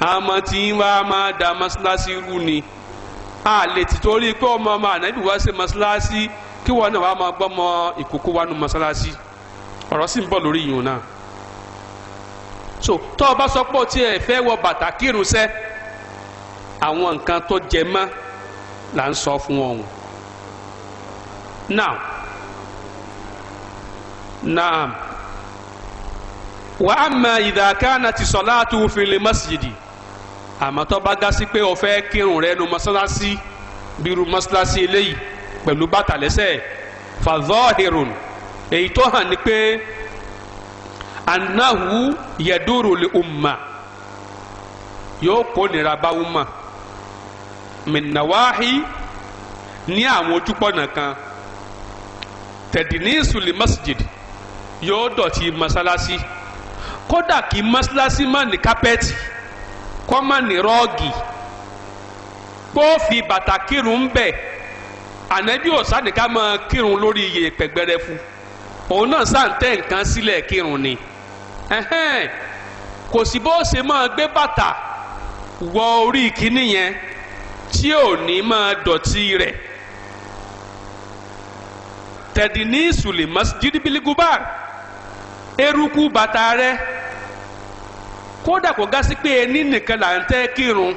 àmọ́ tí ń da mọ́ṣáláṣí rú ni a lè ti torí pé ọmọ ọmọ ànábì wá ṣe mọ́ṣáláṣí kí wọn náà wá máa gbọ́ mọ ìkókó wa nu mọ́ṣáláṣí ọ̀rọ̀ sì ń bọ̀ lórí yìí náà so tó o bá sọ pé o tiẹ̀ fẹ́ wọ bàtà kírunṣẹ́ àwọn nǹkan tó jẹ mọ́ là ń sọ fún ọ̀hún now naam wa amma idha kanati salatu fil masjidi àmọ́ tó bá gá sí pé o fẹ́ kírun rẹ nu mọ́sálásí bíru mọ́sálásí eléyìí pẹ̀lú bàtà lẹ́sẹ̀ fàzọ́hìrùn èyí tó hàn ni pé anahu yẹdúró lè umma yóò kó nira bá umma mìnàwáhì ní àwọn ojúpọ̀nà kan tẹ̀dínísù lè masjid yóò dọ̀tí mọ́sálásí kódà kí mọ́sálásí má ní kápẹ́ẹ̀tì kọ́mọ ní rọ́ọ̀gì gbóòfì bàtà kírun ń bẹ̀ ànábì òsàdì ká máa kírun lórí iye pẹ̀gbẹ́rẹ́ fún òun náà sàǹtẹ̀ nǹkan sílẹ̀ kírun ni kò sí bó ṣe máa gbé bàtà wọ orí kíní yẹn tí ò ní máa dọ̀tí rẹ̀ tẹ̀dí sùlẹ̀ masjid biligubar eruku bàtà rẹ̀ kódà kò gá sí pé ẹni nìkan là ń tẹ́ kírun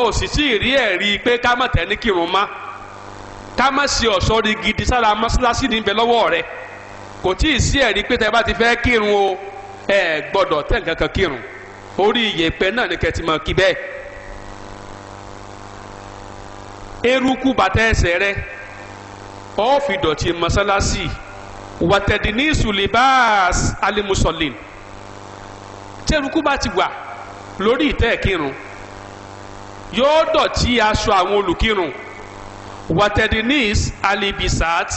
ó sì sí ìrí ẹ̀rí pé ká má tẹ́ kírun má ká má ṣe ọ̀ṣọ́ rí gidi sára mọ́ṣáláṣí níbẹ̀ lọ́wọ́ rẹ̀ kò tí ì sí ẹ̀rí pé tẹ́ bá ti fẹ́ kírun o ẹ gbọ́dọ̀ tẹ́ nǹkan kan kírun orí ìyẹ̀pẹ̀ náà ni kẹ́tì mọ́ kí bẹ́ẹ̀ eruku bàtà ẹsẹ̀ rẹ̀ ọ́ọ́fì dọ̀tí mọ́ṣáláṣí wàtẹ̀dínní sùlẹ̀ báàs alimusolin tẹ́rùkú bá ti wà lórí ìtẹ́ kírun yóò dọ̀tí aṣọ àwọn olùkírun wàtẹ́dínís alibisat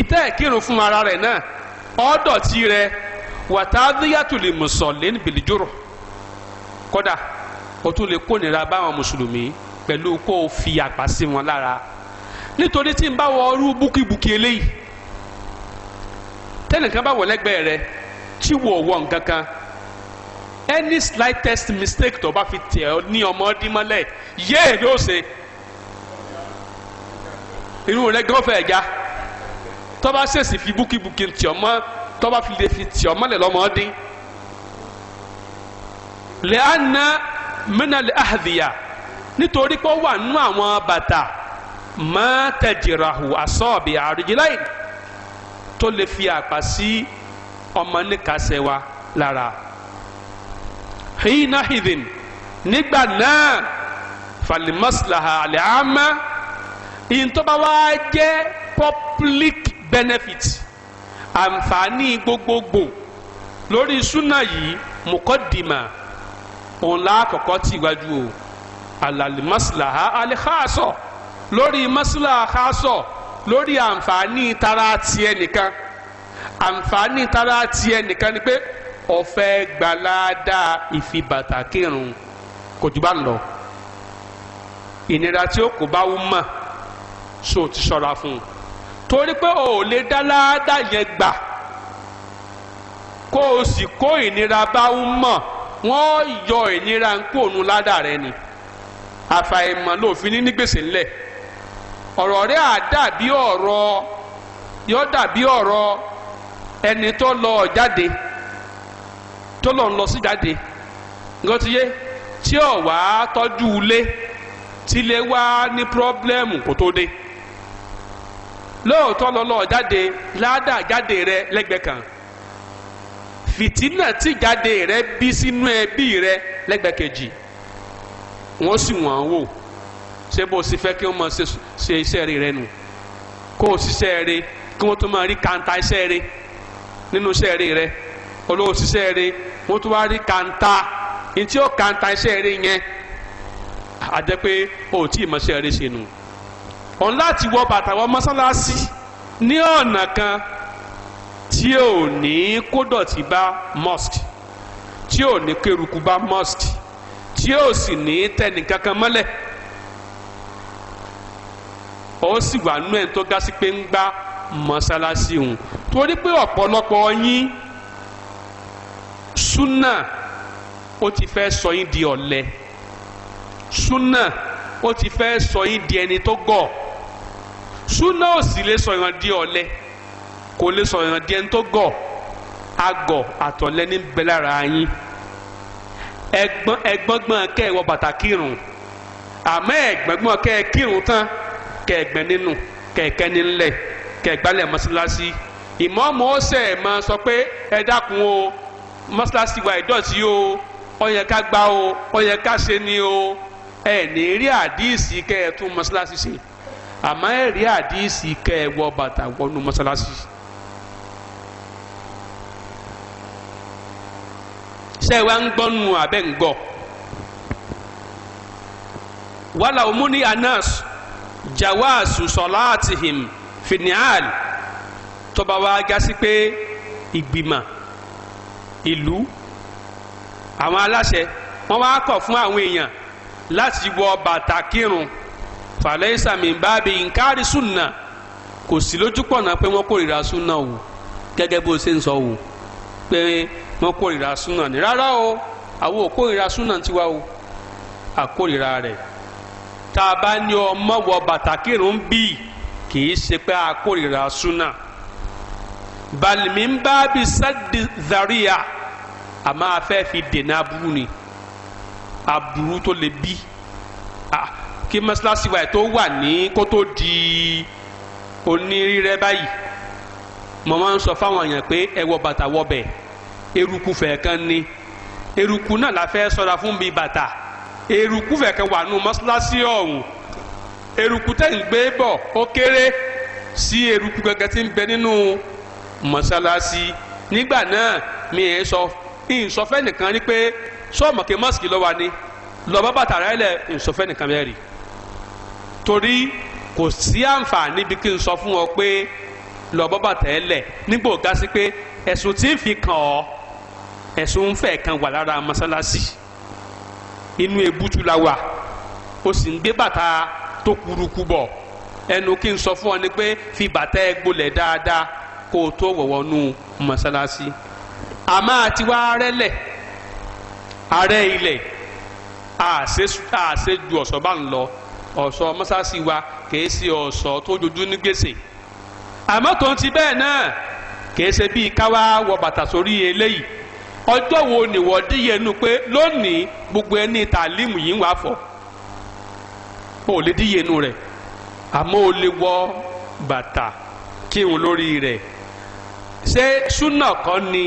ìtẹ́ kírun fún ara rẹ̀ náà ó dọ̀tí rẹ̀ wàtádíyàtúlẹ̀ mùsọ̀lẹ́ níbìlìjòrò kódà ó tún lè kónira báwọn mùsùlùmí pẹ̀lú kó o fi àpá sí wọn lára nítorí tí n bá wọ ọrú búkìbùkì eléyìí tẹ́nìkan bá wọ lẹ́gbẹ̀ẹ́ rẹ tí wò wọ nǹkan kan any slightest mistake tó bá fi tẹ̀ ọ́ ní ọmọ dín mọ́lẹ̀ yéè ló ṣe irú rẹ gọ́fẹ̀ ẹ̀já tó bá ṣèṣì fi búkíbukí tì ọ́ mọ́ tó bá fi lè fi tì ọ́ mọ́lẹ̀ lọ́mọ dín lẹ́ànà mẹ́nàlẹ́ àhàdìyà nítorí pé ó wà nú àwọn bàtà má tẹ̀jìràhù àsọ̀bì àrùjìláì tó lè fi àpá sí ọmọ níkàsẹ̀ wa lára. La hina hidin nígbà náà falimaslaha aliama ìtọ́ba wa jẹ́ public benefit àǹfààní gbogbogbò lórí súnà yìí mùkọ́dìmà òun láàkọ́kọ́ tí iwájú o alalimaslaha alihasọ lórí maslaha hasọ lórí àǹfààní tara tiẹ̀ nìkan àǹfààní tara tiẹ̀ nìkan ni pé ọ̀fẹ́ gbalada ìfibàtà kírun kò jù bá lọ ìnira tí ó kò bá wú mọ̀ so ti ṣọ́ra fún un torí pé o ò lè dá láàdá yẹn gbà kó o sì kó ìnira bá wú mọ̀ wọ́n yọ ìnira ń kó nu ládà rẹ ni àfàìmọ̀ lòfin ní gbèsè ńlẹ̀ ọ̀rọ̀ rẹ̀ á dàbí ọ̀rọ̀ yọ dàbí ọ̀rọ̀ ẹni tó lọ jáde tó lọ ń lọ sí jáde nǹkan ti yé tí ò wá tọ́jú ilé tílé wá ní pírọ́blẹ́mù kó tó dé lóòótọ́ lọ́lọ́ jáde ládà jáde rẹ lẹ́gbẹ̀ẹ́ kan fìtínà tí jáde rẹ bí sínú ẹbí rẹ lẹ́gbẹ̀ẹ́ kejì wọ́n sì wọ́n wò ṣé bó o sì fẹ́ kí wọ́n máa ṣe iṣẹ́ rẹ rẹ nù kó o ṣiṣẹ́ rẹ kí wọ́n tó máa rí kàńtà iṣẹ́ rẹ nínú iṣẹ́ rẹ rẹ olóòṣìṣẹ́ rẹ ó kanta wá o kanta ntí ó kàńtà iṣẹ́ rẹ̀ yẹn àjẹ́ o ò tí ì mọṣẹ́ rẹ̀ ṣe nù lati láti wọ bàtà wọ mọ́sálásí ní ọ̀nà kan tí o ní kó dọ̀tí bá mosque tí o ní kéruku bá mosque tí o sì ní tẹnìkankan mọ́lẹ̀ ó sì wà nú ẹ̀ tó ga sí pé ń gbá mọ́sálásí òun torí pé ọ̀pọ̀lọpọ̀ yín súnà ó ti fẹ́ sọ yín di ọ̀lẹ súnà ó ti fẹ́ sọ yín di ẹni tó gọ̀ súnà ò sì lè sọ yàn di ọ̀lẹ kò lè sọ yàn di ẹni tó gọ̀ agọ̀ àtọ̀lẹ ní bẹ lára yín ẹ̀gbọ́n ẹ̀gbọ́ngbọ́n kẹ́ ẹ wọ bàtà kírun àmọ́ ẹ̀gbọ́ngbọ́n kẹ́ kírun tán kẹ́ nínú kẹ́ nílẹ̀ kẹ́ ẹ ìmọ̀ọ́mọ́ ó máa sọ pé ẹ dákun o mọ́ṣáláṣí wa ìdọ̀tí o ó ká gbá o ó yẹ ká ṣe ni o ẹ ní rí àdíìsì kẹ ẹ tún mọ́ṣáláṣí ṣe àmọ́ ẹ rí àdíìsì kẹ ẹ wọ bàtà wọnú mọ́ṣáláṣí. ṣé wa ń gbọ́ nu abẹ́ ń gbọ́ wala omuni anas jawaasu sọlaatihim finial tó bá wá gasi pé ìgbìmọ̀ ìlú àwọn aláṣẹ wọn wá kọ fún àwọn èèyàn láti wọ bàtà kírun fàlẹ́ ìsàmì bábi nkárì súnà kò sí pe pé wọ́n kórìíra súnà o gẹ́gẹ́ bó ṣe ń sọ o pé wọ́n kórìíra súnà ní rárá o àwọn òkórìíra súnà tiwa o àkórìíra rẹ̀ tá a bá ní ọmọ wọ bàtà kírun bíi kì í ṣe pé àkórìíra súnà. balimimba bi sadi zaria a máa fẹ́ fi dènà aburú ni aburú tó lè bí a kí mọ́sálásí wa tó wà ní kó di oniri báyìí mo máa ń sọ fáwọn èèyàn pé ẹ bàtà wọbẹ̀ eruku fẹ̀ kan ni eruku náà la fẹ́ sọ̀rọ̀ fún mi bàtà eruku fẹ̀ kan wà nù mọ́sálásí ọ̀hún eruku tẹ̀ ń gbé bọ̀ ó kéré sí eruku gẹ́gẹ́ tí ń nínú. No mọ́sálásí nígbà náà mi ẹ̀ sọ ìsọfẹ́ nìkan ni pé sọ́ọ̀mọ̀kẹ́ mọ́sìkì lọ́wọ́ ni lọ́ba bàtà rẹ̀ lẹ̀ ìsọfẹ́ nìkan bẹ́ẹ̀ rí torí kò sí àǹfààní bí kí n sọ fún ọ pé lọ́ba bàtà ẹ̀ lẹ̀ nígbò sí pé ẹ̀sùn tí ń fi kàn ọ́ ẹ̀sùn ń fẹ́ kan wà lára mọ́sálásí inú ebútu la wà o sì ń gbé bàtà tó kuruku bọ̀ ẹnu kí n sọ fún ọ ni pé fi bàtà ẹ gbolẹ̀ dáadáa kó o tó wọ̀wọ́ nú mọ́sálásí àmọ́ àti wá rẹ́lẹ̀ ààrẹ ilẹ̀ àṣẹ ju ọ̀sọ́ bá ń lọ ọ̀sọ́ mọ́sálásí wa kìí ṣe ọ̀sọ́ tó jojú ní gbèsè àmọ́ tó ń ti bẹ́ẹ̀ náà kìí ṣe bíi káwá wọ bàtà sórí eléyìí ọjọ́ wo ni wọ́n nu pé lónìí gbogbo ẹni tàlímù yìí ń wà fọ́ ò lè díyẹnu rẹ̀ àmọ́ ò lè wọ bàtà kírun lórí rẹ̀ ṣé súnà kọ́ ni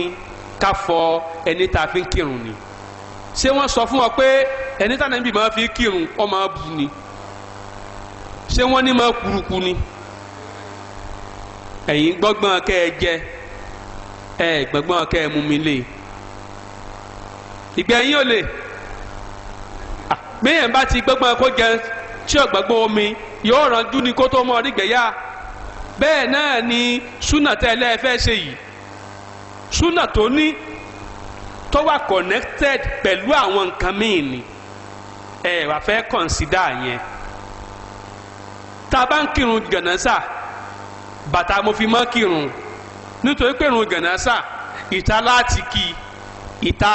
ká fọ ẹni tá a fi ń kírun ni ṣé wọ́n sọ fún wa pé ẹni tá a nàbí máa fi kírun ó máa bu ni ṣé wọ́n ní máa kúrukú ni ẹ̀yin gbọ́gbọ́n kẹ́ ẹ jẹ ẹ gbọ́gbọ́n kẹ́ ẹ mú mi lé ìgbẹ́yìn ò lè gbẹ̀yìn bá ti gbọ́gbọ́n kó jẹ tí ọ̀gbọ́gbọ́n omi yóò ràn dúni kó tó mọ́ ọ nígbẹ̀yà bẹ́ẹ̀ náà ni súnà tẹ́lẹ̀ ṣe yìí súnà tó ní tó wà connected pẹ̀lú àwọn nǹkan míì ni ẹ wà fẹ́ consider yẹn tá a bá ń kírun gànásà bàtà mo fi mọ́ kírun nítorí pé irun gànásà ìta láti kí ìta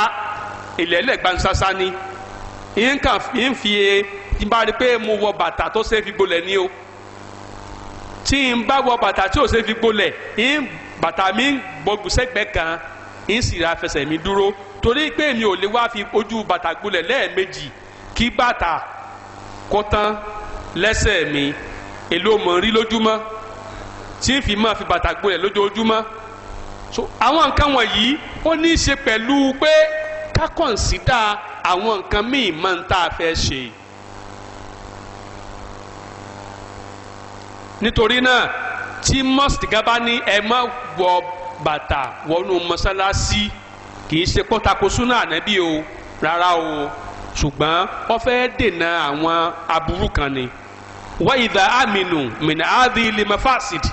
ìlẹ́lẹ̀ gbansasa ni ìyẹn kàn fi ń fi bá rí pé mo wọ bàtà tó ṣe é fi gbolẹ̀ ní o tí n bá wọ bàtà tí ò ṣe fi gbolẹ̀ n bàtà mi gbọgbùsẹ́gbẹ́ kan n sì ra fẹsẹ̀ mi dúró torí pé mi ò lè wá fi ojú bàtà gbolẹ̀ lẹ́ẹ̀mejì kí bàtà kó tán lẹ́sẹ̀ mi èlò mọ̀ rí lójúmọ́ tí n fi máa fi bàtà gbolẹ̀ lójoojúmọ́ so àwọn nǹkan wọ̀nyí ó ní í ṣe pẹ̀lú pé ká àwọn nǹkan míì máa ń tá a fẹ́ ṣe. nítorí náà tí mọ́sítìgá bá ní ẹ má wọ bàtà wọnú mọ́sálásí kì í ṣe pọ́tako súnà ànábì o rárá o ṣùgbọ́n wọ́n fẹ́ dènà àwọn aburú kan ni wáyìdá àmìnú mìnà áàdì limafasid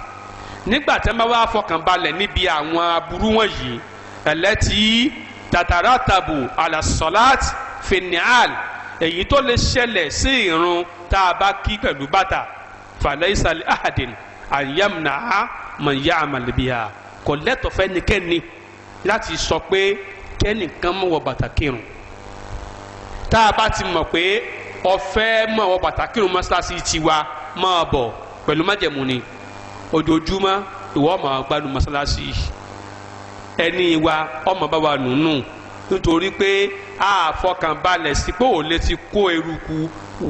nígbà tí wọ́n bá wá fọkàn balẹ̀ níbi àwọn aburú wọ̀nyí ẹlẹ́tì tàtàràtàbù àlàsọ̀láàt fìníàl èyí tó lè ṣẹlẹ̀ sí ìrun tá a bá kí pẹ̀lú bàtà falaisa li ahadin àyàmùnà á man ya'mal biha kò lẹ́tọ̀ fẹ́nikẹ́ni láti sọ pé kẹ́nìkan mọ̀ wọ bàtà kírun tá a bá ti mọ̀ pé ọ̀fẹ́ mọ̀ wọ bàtà kírun mọ́ṣáláṣí tiwa máa bọ̀ pẹ̀lú májẹ̀mú ni ojoojúmọ́ ìwọ ọmọ gbanu mọ́ṣáláṣí ẹni wa ọmọ bá wa nùnú nítorí pé àfọkànbalẹ̀ sípò ò lè ti kó eruku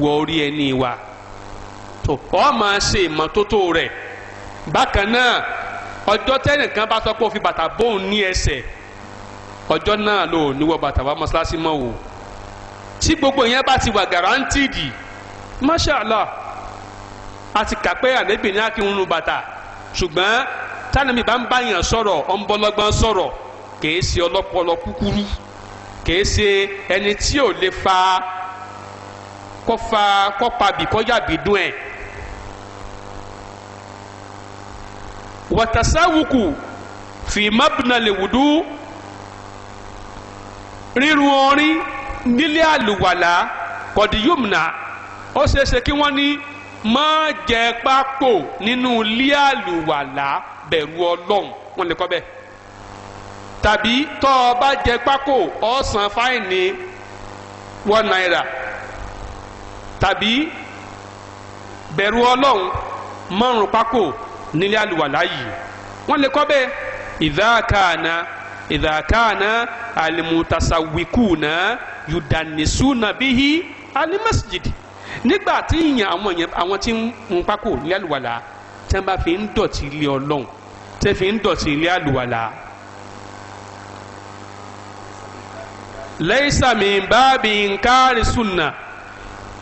wọ orí ẹni wa mọ́tótó ọ máa ṣe ìmọ́tótó rẹ̀ bákan náà ọjọ́ tẹ́nìkan bá sọ pé ó fi bàtà bóun ní ẹsẹ̀ ọjọ́ náà ló ní wọ bàtà wá mọ́ṣáláṣí mọ́ o tí gbogbo ìyẹn bá ti wà gàrántìdì máṣáàlá a ti kà pé ànẹ́bì ní akínrun bàtà ṣùgbọ́n tánàmì bá ń báyàn sọ̀rọ̀ ọ̀nbọ́lọ́gbọ́n sọ̀rọ̀ kìí ṣe ọlọ́pọlọ kúkúrú kìí ṣe ẹni tí ò lè fa kọfa kọpa bìkọ́yàbìdún ẹ̀ wàtàsáwùkù fi mabna lè wùdú rírun orin nílé àlùwàlà kọ̀díyùmùnà ó ṣeéṣe kí wọ́n ní má jẹ pákó nínú ilé àlùwàlà bẹ̀rù ọlọ́run wọ́n lè kọ́ bẹ́ẹ̀ tàbí tọ́ ọ bá jẹ pákó ó san fáìní one naira tàbí bẹ̀rù ọlọ́run márùn pákó nílé àlùwàlá yìí wọ́n lè kọ́ bẹ́ẹ̀ ìdákàánà ìdákàánà àlìmùtàsàwìkùnà yùdànísùnà bíhí alimásíjìdì nígbà tí ìyàn àwọn yẹn àwọn tí ń pákó nílé àlùwàlá tẹ́ ń bá fi ń dọ̀tí ilé ọlọ́run tẹ́ fi ń dọ̀tí ilé àlùwàlá. lẹ́yìn sàmì báàbí nkárí sùnà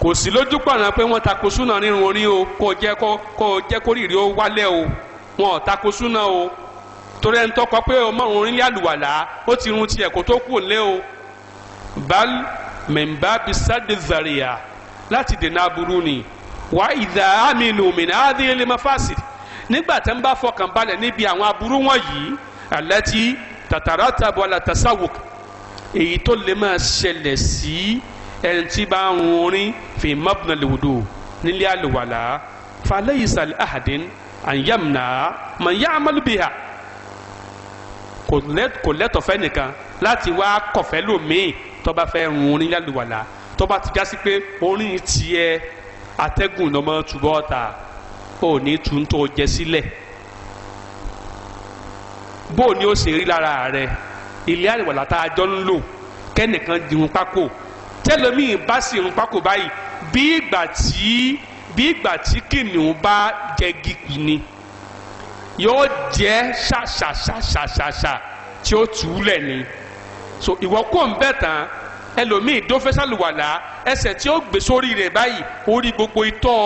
kò sí lójú pàrọ̀ pé wọ́n tako súnà nínú orin o kò jẹ́ kó kò jẹ́ kó rírì ó wálẹ̀ o wọn ò tako súnà o torí ẹni tọkọ pé o mọ orin yàlùwàlà ó ti run tiẹ̀ kó tó kù lé o bal mẹ̀mbà bisáde zaria láti dènà aburú ni wà ìdá àmìnú mìíràn àdéhìnlẹ̀ mafásitì nígbà tí wọ́n bá fọkàn balẹ̀ níbi àwọn aburú wọ̀nyí àlẹ́tí tàtàrà tàbọ̀ àlàtàsáwò èyí tó lè máa ṣẹlẹ̀ sí. Si, ẹni tí bá ń rin fi mabna lewudu nílé àlùwàlà falẹ́ ìsàlẹ̀ ahadin àyàmùnà màyà àmàlùbíà kò lẹ́tọ̀ fẹ́ nìkan láti wá kọ̀fẹ́ lómìn tó bá fẹ́ run orin nílé àlùwàlà tó bá ti já sí pé orin tiẹ̀ atẹ́gùn lọ́mọ túbọ̀ ta ò ní tún tó jẹ sílẹ̀ bó ni ó ṣe rí lára rẹ ilé àlùwàlà tá a jọ ń lò kẹ́nìkan dirun pákó tẹlomiin bá sì ń pákó báyìí bí ìgbà tí bí ìgbà tí kìnìún bá jẹ gígì ni yóò jẹ ṣàṣàṣàṣàṣàṣà tí ó tù ú ni so ìwọ kò ń bẹ̀ tán ẹlòmíì dófẹ́sàlùwàlà ẹsẹ̀ tí ó gbé sórí rẹ̀ báyìí orí gbogbo itọ́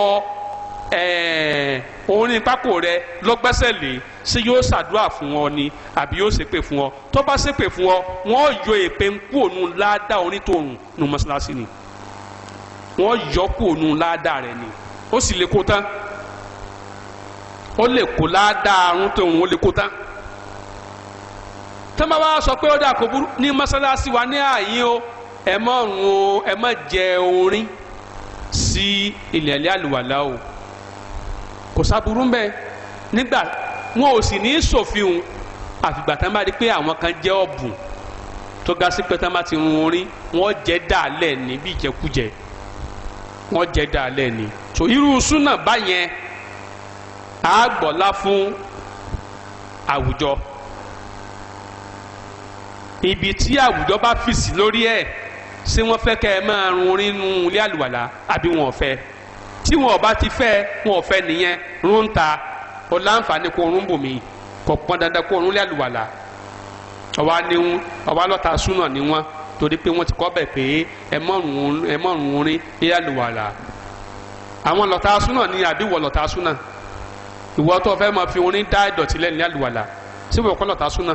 orin pákó rẹ̀ lọ́gbẹ́sẹ̀ lé ṣé yóò ṣàdúrà fún ọ ni àbí yóò ṣépè fún ọ tó bá ṣépè fún ọ wọ́n yọ èpè ń kú òun láàdá onítòrùn nu mọ́ṣáláṣí ni wọ́n yọ kú òun láàdá rẹ̀ ni ó sì lè kó tán ó lè kó láàdá àrùn tòrùn ó lè kó tán tọ́mọ bá sọ pé ó dà kó burú ní mọ́ṣáláṣí wa ní ààyè o ẹ mọ̀ ń o ẹ mọ̀ jẹ orin sí ilẹ̀ ilẹ̀ àlùwàlá o kò sábúrú ń bẹ nígbà wọn ò sì ní í ṣòfihùn àfìgbà tán bá rí pé àwọn kan jẹ́ ọ̀bùn tó ga sí pé tán bá ti rún orí wọ́n jẹ́ dàálẹ̀ ní bí ìjẹkújẹ wọ́n jẹ́ dàálẹ̀ ní. so irú súnà báyẹn á gbọ́lá fún àwùjọ ibi tí àwùjọ bá fìsì lórí ẹ̀ ṣé wọ́n fẹ́ kẹ́ ẹ máa rún orí nínú ilé àlùwàlà àbí wọn ò fẹ́ tí wọn ò bá ti fẹ́ wọn ò fẹ́ nìyẹn rún ta ó láǹfààní kó oorun bòmí kò pọn dandan kó oorun lé àlùwàlà ọwọ́ aníhun ọwọ́ alọ́ta súnà ní wọn torí pé wọ́n ti kọ́ bẹ̀ pé ẹ mọ̀rùn orin lé àlùwàlà àwọn lọ́ta súnà ní àbí wọ̀ lọ́ta súnà ìwọ tó fẹ́ máa fi orin dá ìdọ̀tí lẹ́nu lé àlùwàlà síbò kọ́ lọ́ta súnà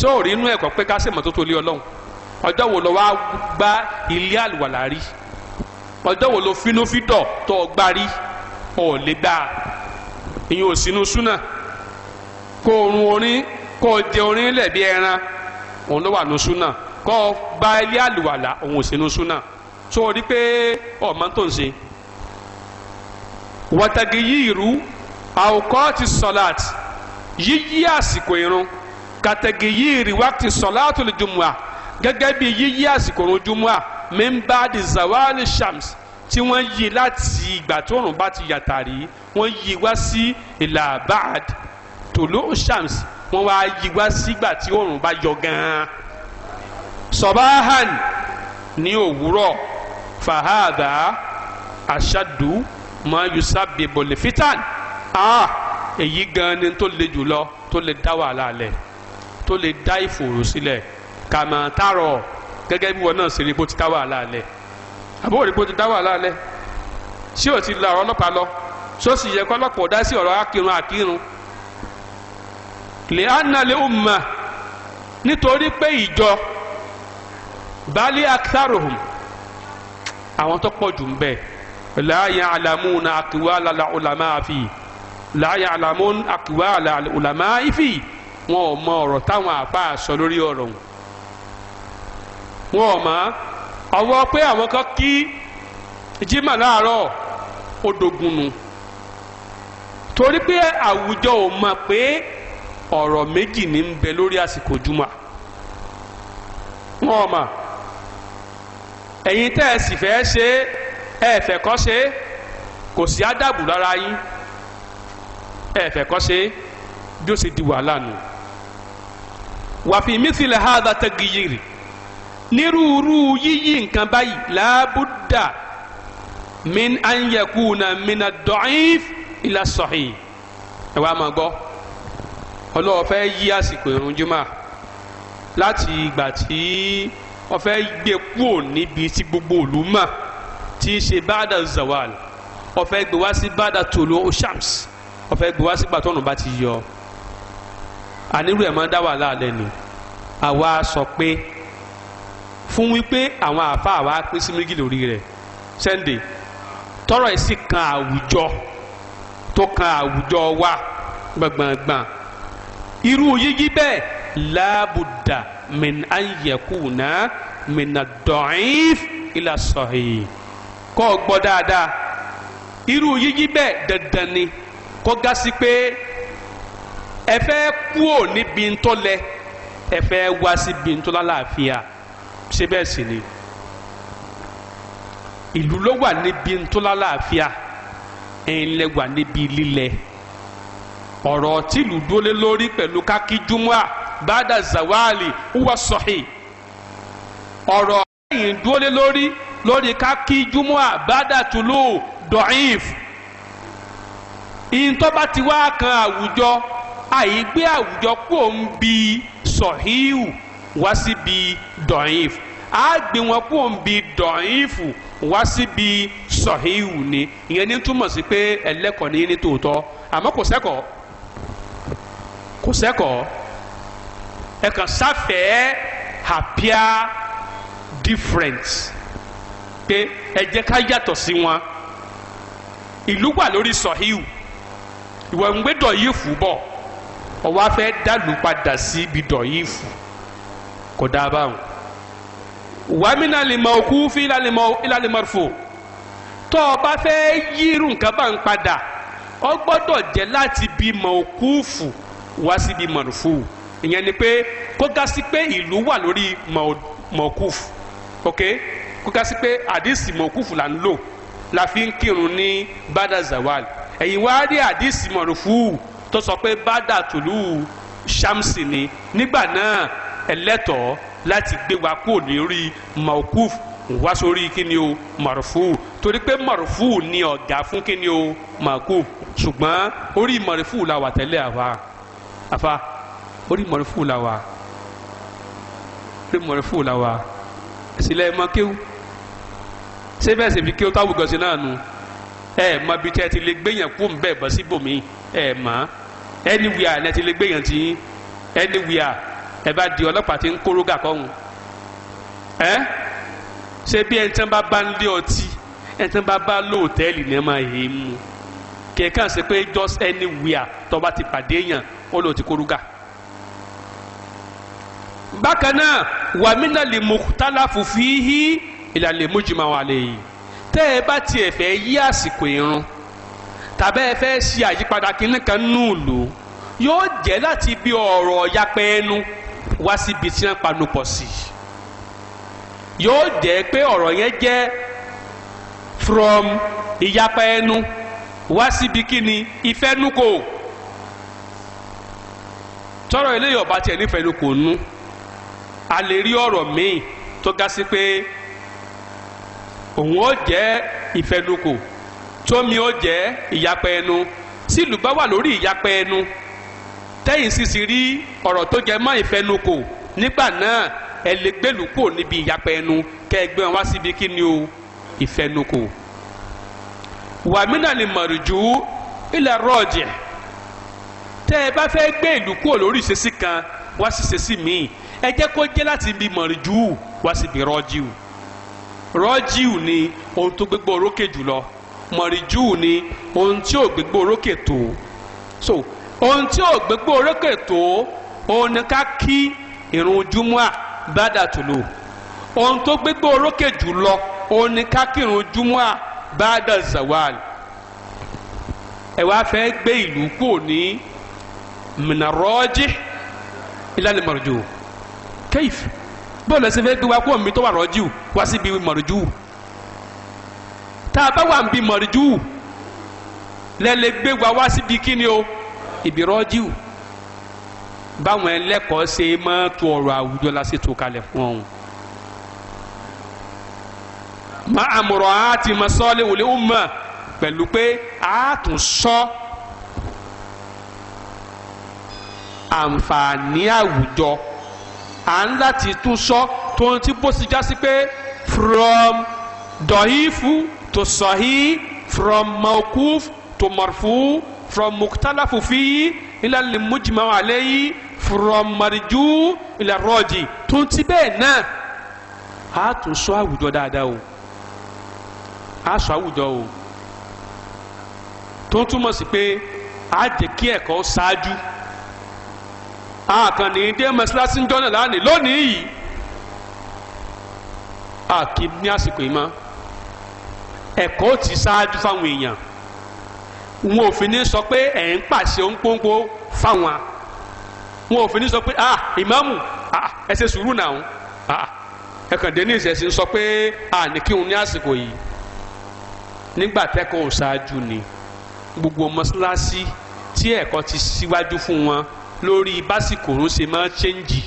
sóòrí inú ẹ̀kọ́ pé ká sì tó tó lé ọlọ́run ọjọ́ wo lọ wá gbá ilé àlùwàlà rí ọjọ́ wo ló finúfídọ̀ tó gbá rí ọ̀ lè gbá ìyẹn ò sínú súnà kó orun orin kó jẹ orin lẹ̀ bí ẹran òun ló wà ní súnà kó gba ilé àlùwàlà òun ò sínú súnà tó o rí pé ọmọ tó ń ṣe wàtàgì yí ìrú àwòkọ́ ti sọ̀láàtì yíyí àsìkò irun kàtàgì yí ìrì wákìtì sọ̀láàtì lójúmọ́ gẹ́gẹ́ bí yíyí àsìkò irun júmọ́ mi ń zawali shams tí wọ́n yí láti ìgbà tóòrùn bá ti yàtàrí wọ́n yí wá sí ìlà bad tòló shams wọ́n wá yí wá sígbà tí òòrùn bá yọ gan-an sọ̀báhàn ní òwúrọ̀ fàhádà àṣàdù mọ́ yusabi bolifitan ah èyí gan ni tó le jùlọ tó le dá wàhálà lẹ̀ tó le dá ìfòrò sílẹ̀ kàmáńtàrọ̀ gẹ́gẹ́ bí wọn náà ṣe rí bó ti dá wàhálà lẹ̀ àbúrò rẹ̀ kó ti dá wàhálà lẹ̀ ṣé o ti la ọ̀rọ̀ ọlọ́pàá lọ ṣó sì yẹ kó ọlọ́pàá dá sí ọ̀rọ̀ akírun akírun lè ana lè umma nítorí pé ìjọ bali aktharuhum àwọn tó pọ̀ jù ń bẹ la ya'lamuna aqwala al-ulama fi la ya'lamuna aqwala al-ulama fi wọn ò mọ ọ̀rọ̀ táwọn àfa àṣọ lórí ọ̀rọ̀ wọn ò mọ̀ ọ́. Ọwọ́ pé àwọn kan kí jimá láàárọ̀ odògùn nu torí pé àwùjọ ò mọ̀ pé ọ̀rọ̀ méjì ní ń bẹ lórí àsìkò jùmọ̀ wọn mà ẹ̀yin tẹ́ ẹ sì fẹ́ ṣe ẹ fẹ́ kọ́ ṣe kò sí ádàbù lára yín ẹ fẹ́ kọ́ ṣe bí ó ṣe di wàhálà nù wàfi mísìlẹ̀ tẹ́gìyìrì. nírúurú yíyí nǹkan báyìí làbúdà min anyakuna min ad-da'if ila sahih ẹ wá máa gbọ́ ọlọ́wọ́ fẹ́ yí àsìkò ìrun jùmọ̀ láti ìgbà tí wọ́n fẹ́ gbé kúò níbi tí gbogbo ìlú mọ̀ tí í ṣe báàdà zawal wọ́n fẹ́ gbé wá sí báàdà tòló shams wọ́n fẹ́ gbé wá sí gbàtọ́nù bá ti yọ ànírú ẹ̀ máa dá wàhálà lẹ́nu àwa sọ pé fún wípé àwọn àáfàá wa pín sí méjì lórí rẹ̀ Sunday tọrọ ẹ̀ sì kan àwùjọ tó kan àwùjọ wa gbọ̀ngbọ̀ngbọ̀n irú yíyí bẹ́ẹ̀ láàbùdà min anyakuna min ad-da'if ila sahih kọ́ ọ gbọ́ dáadáa irú yíyí bẹ́ẹ̀ dandan ni kó ga sí pé ẹ fẹ́ kúò níbi ntọ́lẹ̀ ẹ fẹ́ wá síbi ntọ́lá láàfíà. Si ṣé bẹ́ẹ̀ sì ni ìlú ló wà níbi ntọ́lálàáfíà ẹ̀yin lẹ wà níbi lílẹ̀ ọ̀rọ̀ tìlú dólé lórí pẹ̀lú kákíjúmọ́à bàdà zawali wúwa sọ̀hì ọ̀rọ̀ ẹ̀yin dólé lórí lórí kákíjúmọ́à bàdà tùlù dọ̀ìf ìntọ́ba ti wá kan àwùjọ àyígbé àwùjọ kò ń bi sọ̀híù. So wá síbi dọ̀yìf á gbé wọn kó ń bi dọ̀yìfù wá síbi sọ̀híhù ni ìyẹn ní túmọ̀ sí pé ẹlẹ́kọ̀ọ́ ní ní tòótọ́ àmọ́ kò sẹ́kọ̀ọ́ kò sẹ́kọ̀ọ́ ẹ kàn sáfẹ́ẹ́ appear different pé ẹ jẹ́ ká yàtọ̀ sí wọn ìlú wà lórí sọ̀híhù ìwọ̀n gbé dọ̀yìfù bọ̀ ọ̀wá fẹ́ dàlú padà sí ibi dọ̀yìfù. Si kò dáa báwọn wàmínà ila òkú fi ìlàlèmọ fò tó o bá fẹ́ yírù nǹkan bá ń padà ọ gbọ́dọ̀ jẹ́ láti bí mọ òkú fù wá síbi mọ̀rùfù ìyẹn ni pé kó ga sí pé ìlú wà lórí mọ ok kó ga sí pé àdìsí mọ là ń lò la fi ń kírun ní bada zawal ẹ̀yin wá rí àdìsí marufu, tó sọ pé bada tòlú shamsi ni nígbà náà ẹlẹ́tọ̀ọ́ láti gbé wa kúrò lórí mọ̀kúf wá sórí kíni o mọ̀rùfù torí pé mọ̀rùfù ni ọ̀gá fún kíni o mọ̀kúf ṣùgbọ́n orí mọ̀rùfù la wà tẹ́lẹ̀ àfa àfa orí mọ̀rùfù la wà orí mọ̀rùfù la wà sílẹ̀ mọ́ kéwù ṣé bẹ́ẹ̀ ṣe fi kéwù táwọn gọ̀ọ́sì náà nu ẹ̀ mọ ibi tí ẹ ti lè gbéyàn kú bẹ́ẹ̀ bọ́ síbòmí ẹ̀ mọ́ anywhere ẹ ti lè gbéyàn tí anywhere ẹ bá di ọlọ́pàá tí ń kórógà kọ́hún ẹ ṣé bí ẹni tí wọ́n bá bá ń lé ọtí ẹni tí wọ́n bá bá lóòtẹ́ẹ̀lì ní ẹ máa yé mu kẹ̀kẹ́ ṣe pé just anywhere tó bá ti pàdé èèyàn ó lò ti kórógà. bákan náà wàmínà lè mú tálàfù fíhí ìlàlè mújìmá wà lẹ́yìn tẹ́ ẹ bá tiẹ̀ fẹ́ yí àsìkò ìrun tàbẹ́ ẹ fẹ́ ṣe àyípadà kínní kan nù lò yóò jẹ́ láti bí ọ̀rọ̀ yapẹ́ ẹnu wá síbi tí wọ́n panupọ̀ sí yóò jẹ́ pé ọ̀rọ̀ yẹn jẹ́ from ìyapa ẹnu wá síbi kíni ìfẹ́nukò tọrọ eléyìí ọba tiẹ̀ nífẹ̀ẹ́nukò nú a lè rí ọ̀rọ̀ míì tó ga sí pé òun ó jẹ́ ìfẹ́nukò tómi ó jẹ́ ìyapa ẹnu sílùú bá wà lórí ìyapa ẹnu. Si tẹ́yìn sísìn rí ọ̀rọ̀ tó jẹ mọ́ ìfẹnukò nígbà náà ẹ lè gbèlú níbi ìyapẹ ẹnu kẹ́ wọn wá síbi kí ni o ìfẹnukò. wàmínà ni mọ̀rùjú ilẹ̀ rọ́ọ̀jì tẹ́ ẹ bá fẹ́ gbé ìlú kò lórí ìṣesí kan wá sí ìṣesí míì ẹ jẹ́ kó jẹ́ láti ibi mọ̀rùjú wá síbi rọ́ọ̀jì rọ́ọ̀jì ni ohun tó gbégbó orókè jùlọ mọ̀rùjú ni ohun tí ò gbégbó orókè tó so ohun tí ò gbégbó orókè tó òun ni ká kí ìrun júmọ́à bàdà tòlò ohun tó gbégbó orókè jù lọ òun ni ká kí ìrun júmọ́à bàdà zawal ẹ wá fẹ́ gbé ìlú kò ní mìnàrọ́jì ìlànà mọ̀rọ̀jù kéif bọ́ọ̀lù ẹsẹ̀ fẹ́ gbé wa kó omi tó wà rọ́jù wá síbi mọ̀rọ̀jù tá a bá wà ń bi mọ̀rọ̀jù lẹ́lẹ́gbé wa wá síbi kíni o ìbírọ́jù báwọn ẹlẹ́kọ̀ọ́ ṣe máa tu ọ̀rọ̀ àwùjọ la ṣe tó kalẹ̀ fún ọ̀hún. má àmọ̀rọ̀ á ti mọ sọ́ọ́lé wòlé ó mọ̀ pẹ̀lú pé a tún sọ àǹfààní àwùjọ à ń láti tún sọ tó ń tí bó sì já sí pé from dọ̀hífù to sọ̀hí from mọ̀kúf to mọ̀rfú from mukhtalafu fi ila limujma alayhi from marju ila rọjì tó ti bẹ́ẹ̀ náà a tún sọ àwùjọ dáadáa o a sọ àwùjọ o tó túmọ̀ sí pé a jẹ́ kí ẹ̀kọ́ ṣáájú àkànní dé mọ́ṣáláṣí jọ́nà lánàá lónìí yìí a kì í ní àsìkò yìí mọ́ ẹ̀kọ́ ti ṣáájú fáwọn èèyàn wọn ò fi ní sọ pé ẹ̀ ń pàṣẹ òǹpóǹpó fáwọn wọn ò fi ní sọ pé ah ìmáàmù ah ẹ ṣe sùúrù náà ah ẹkàn denis ẹ sì ń sọ pé ah ní kí òun ní àsìkò yìí nígbà tẹ́kọ̀ọ́ ò ṣáájú ni gbogbo mọ́ṣáláṣí tí ẹ̀kọ́ ti síwájú fún wọn lórí básìkò òun ṣe máa ń ṣéǹjì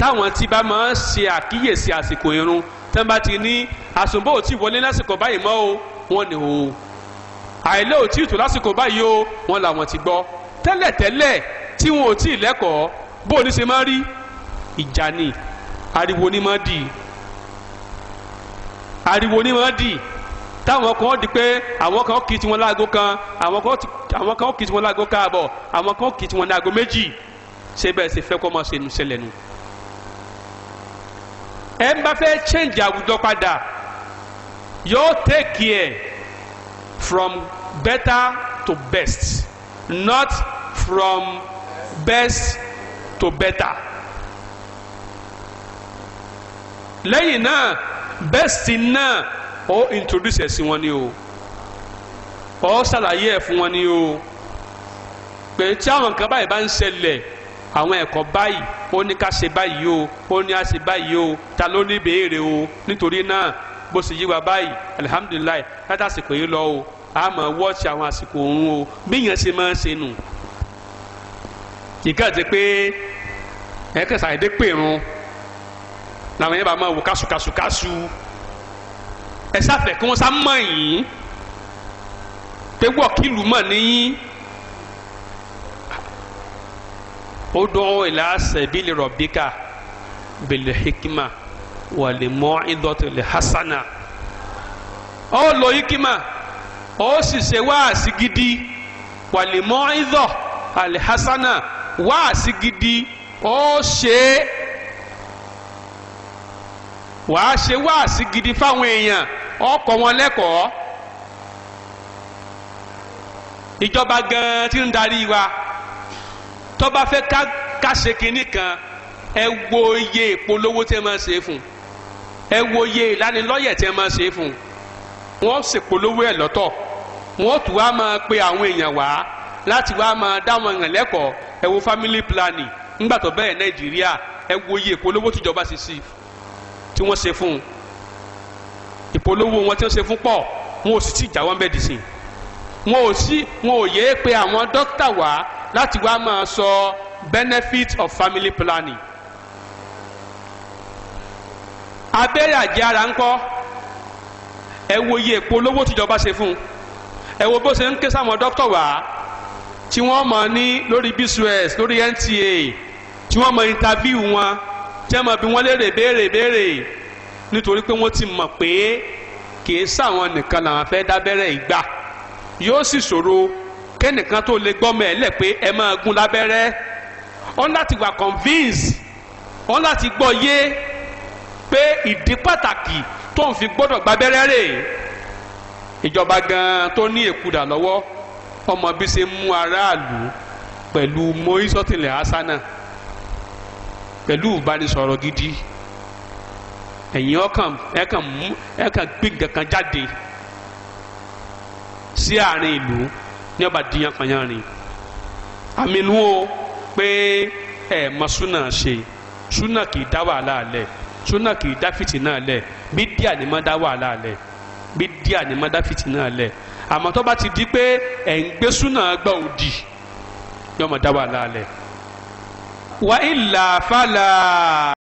táwọn tí bá máa ń ṣe àkíyèsí àsìkò irun tẹ́ ti ní àsùnbọ̀ ò tí wọlé lásìkò báyìí mọ́ o wọn ni o àìlẹ́ ò tí ì tó lásìkò báyìí o wọn làwọn ti gbọ́ tẹ́lẹ̀tẹ́lẹ̀ tí wọn ò tí ì lẹ́kọ̀ọ́ bó o ní ṣe máa rí ìjà ni ariwo ni máa dì ariwo ni máa dì táwọn kan di pé àwọn kan kì í tiwọn láago kan àwọn kan kì í tiwọn láago káàbọ̀ àwọn kan kì í tiwọn láago méjì ṣé bẹ́ẹ̀ ṣe fẹ́ kọ́ máa ṣe nu ṣẹlẹ̀ nu. ẹ ń bá fẹ́ change àwùjọ padà yóò take care from better to best not from best to better lẹ́yìn náà best náà ó introduce ẹ̀ sí wọn ni o ó ṣàlàyé ẹ̀ fún wọn ni o pé tí àwọn nǹkan báyìí bá ń ṣẹlẹ̀ àwọn ẹ̀kọ́ báyìí ó ní ká ṣe báyìí o ó ní á ṣe báyìí o ta ló ní béèrè o nítorí náà bó ṣe yí wa báyìí alihamudulilayi látàsìkò yìí lọ o a máa wọ́ọ̀tì àwọn àsìkò òun o bí yẹn ṣe máa ń ṣe nù ìkàdé pé ẹ kẹsà èdè pèrún làwọn yẹn bá máa wò kásùkásùkásù ẹ sáfẹ́ kí wọ́n sá mọ̀ yín pé wọ́ọ̀kìlù mọ̀ níyìn ó dọ́ ìlà sẹ̀bílì rọ̀bíkà bil hikima wal mau'izati l hasana ó lo hikima. ó sì ṣe wáàsí gidi wàlímọ́ ìdọ̀ alihasana wáàsí gidi ó ṣe é wàá ṣe wáàsí gidi fáwọn èèyàn ó kọ́ wọn lẹ́kọ̀ọ́ ìjọba gan-an ti ń darí wa tó fe fẹ́ ká ṣe kinní kan ẹ wo iye ìpolówó tẹ́ máa ṣe fún ẹ wo iye ìlanilọ́yẹ̀ tẹ́ máa ṣe fún un wọ́n ṣèpolówó ẹ̀ lọ́tọ̀ wọ́n tún wá máa pe àwọn èèyàn wá láti wá máa dá èèyàn lẹ́kọ̀ọ́ ẹ wo family planning ńgbà tó bẹ́ẹ̀ nàìjíríà ẹ wo iye ìpolówó tìjọba ṣe sí tí wọ́n ṣe fún un ìpolówó wọn tí wọ́n ṣe fún pọ̀ wọn ò sì tí jà wọ́n bẹ́ẹ̀ wọn ò sí wọn ò yéé pe àwọn dókítà wá láti wá máa sọ benefit of family planning abẹ́rẹ́ àjẹára ńkọ́ ẹ wo iye ìpolówó tìjọba ṣe fún un ẹ wo bó ṣe ń ké sáwọn dókítà wá tí wọ́n mọ̀ ní lórí bcs lórí nta tí wọ́n mọ̀ interview wọn tí wọ́n mọ̀ bí wọ́n léèrè béèrè béèrè nítorí pé wọ́n ti mọ̀ pé kìí sáwọn nìkan làwọn fẹ́ dábẹ́rẹ́ ìgbà yóò sì ṣòro kẹ́nìkan tó lè gbọ́mọ ẹ̀ pé ẹ máa gún lábẹ́rẹ́ wọ́n láti wà convince wọ́n láti gbọ́ yé pé ìdí pàtàkì tóun fi gbọ́dọ̀ gbabẹ́rẹ́ rè ìjọba gan tó ní èkúdà lọ́wọ́ ọmọ bí ṣe mú aráàlú pẹ̀lú mọ́ísọ́tìlẹ̀ hasana pẹ̀lú ìbánisọ̀rọ̀ gidi ẹ̀yin ọkàn ẹ̀kàn mú ẹ̀kàn gbé kankan jáde sí àárín ìlú ní ọba díyan panyanrin àmì inú o pé ẹ̀ mọ súnà ṣe súnà kì í dá fìtínà lẹ̀ bídíà ni máa dá wàhálà lẹ̀ ni dá ti di pé ẹ̀ ń gbé súnà gbọ́ òdì yóò máa dá wàhálà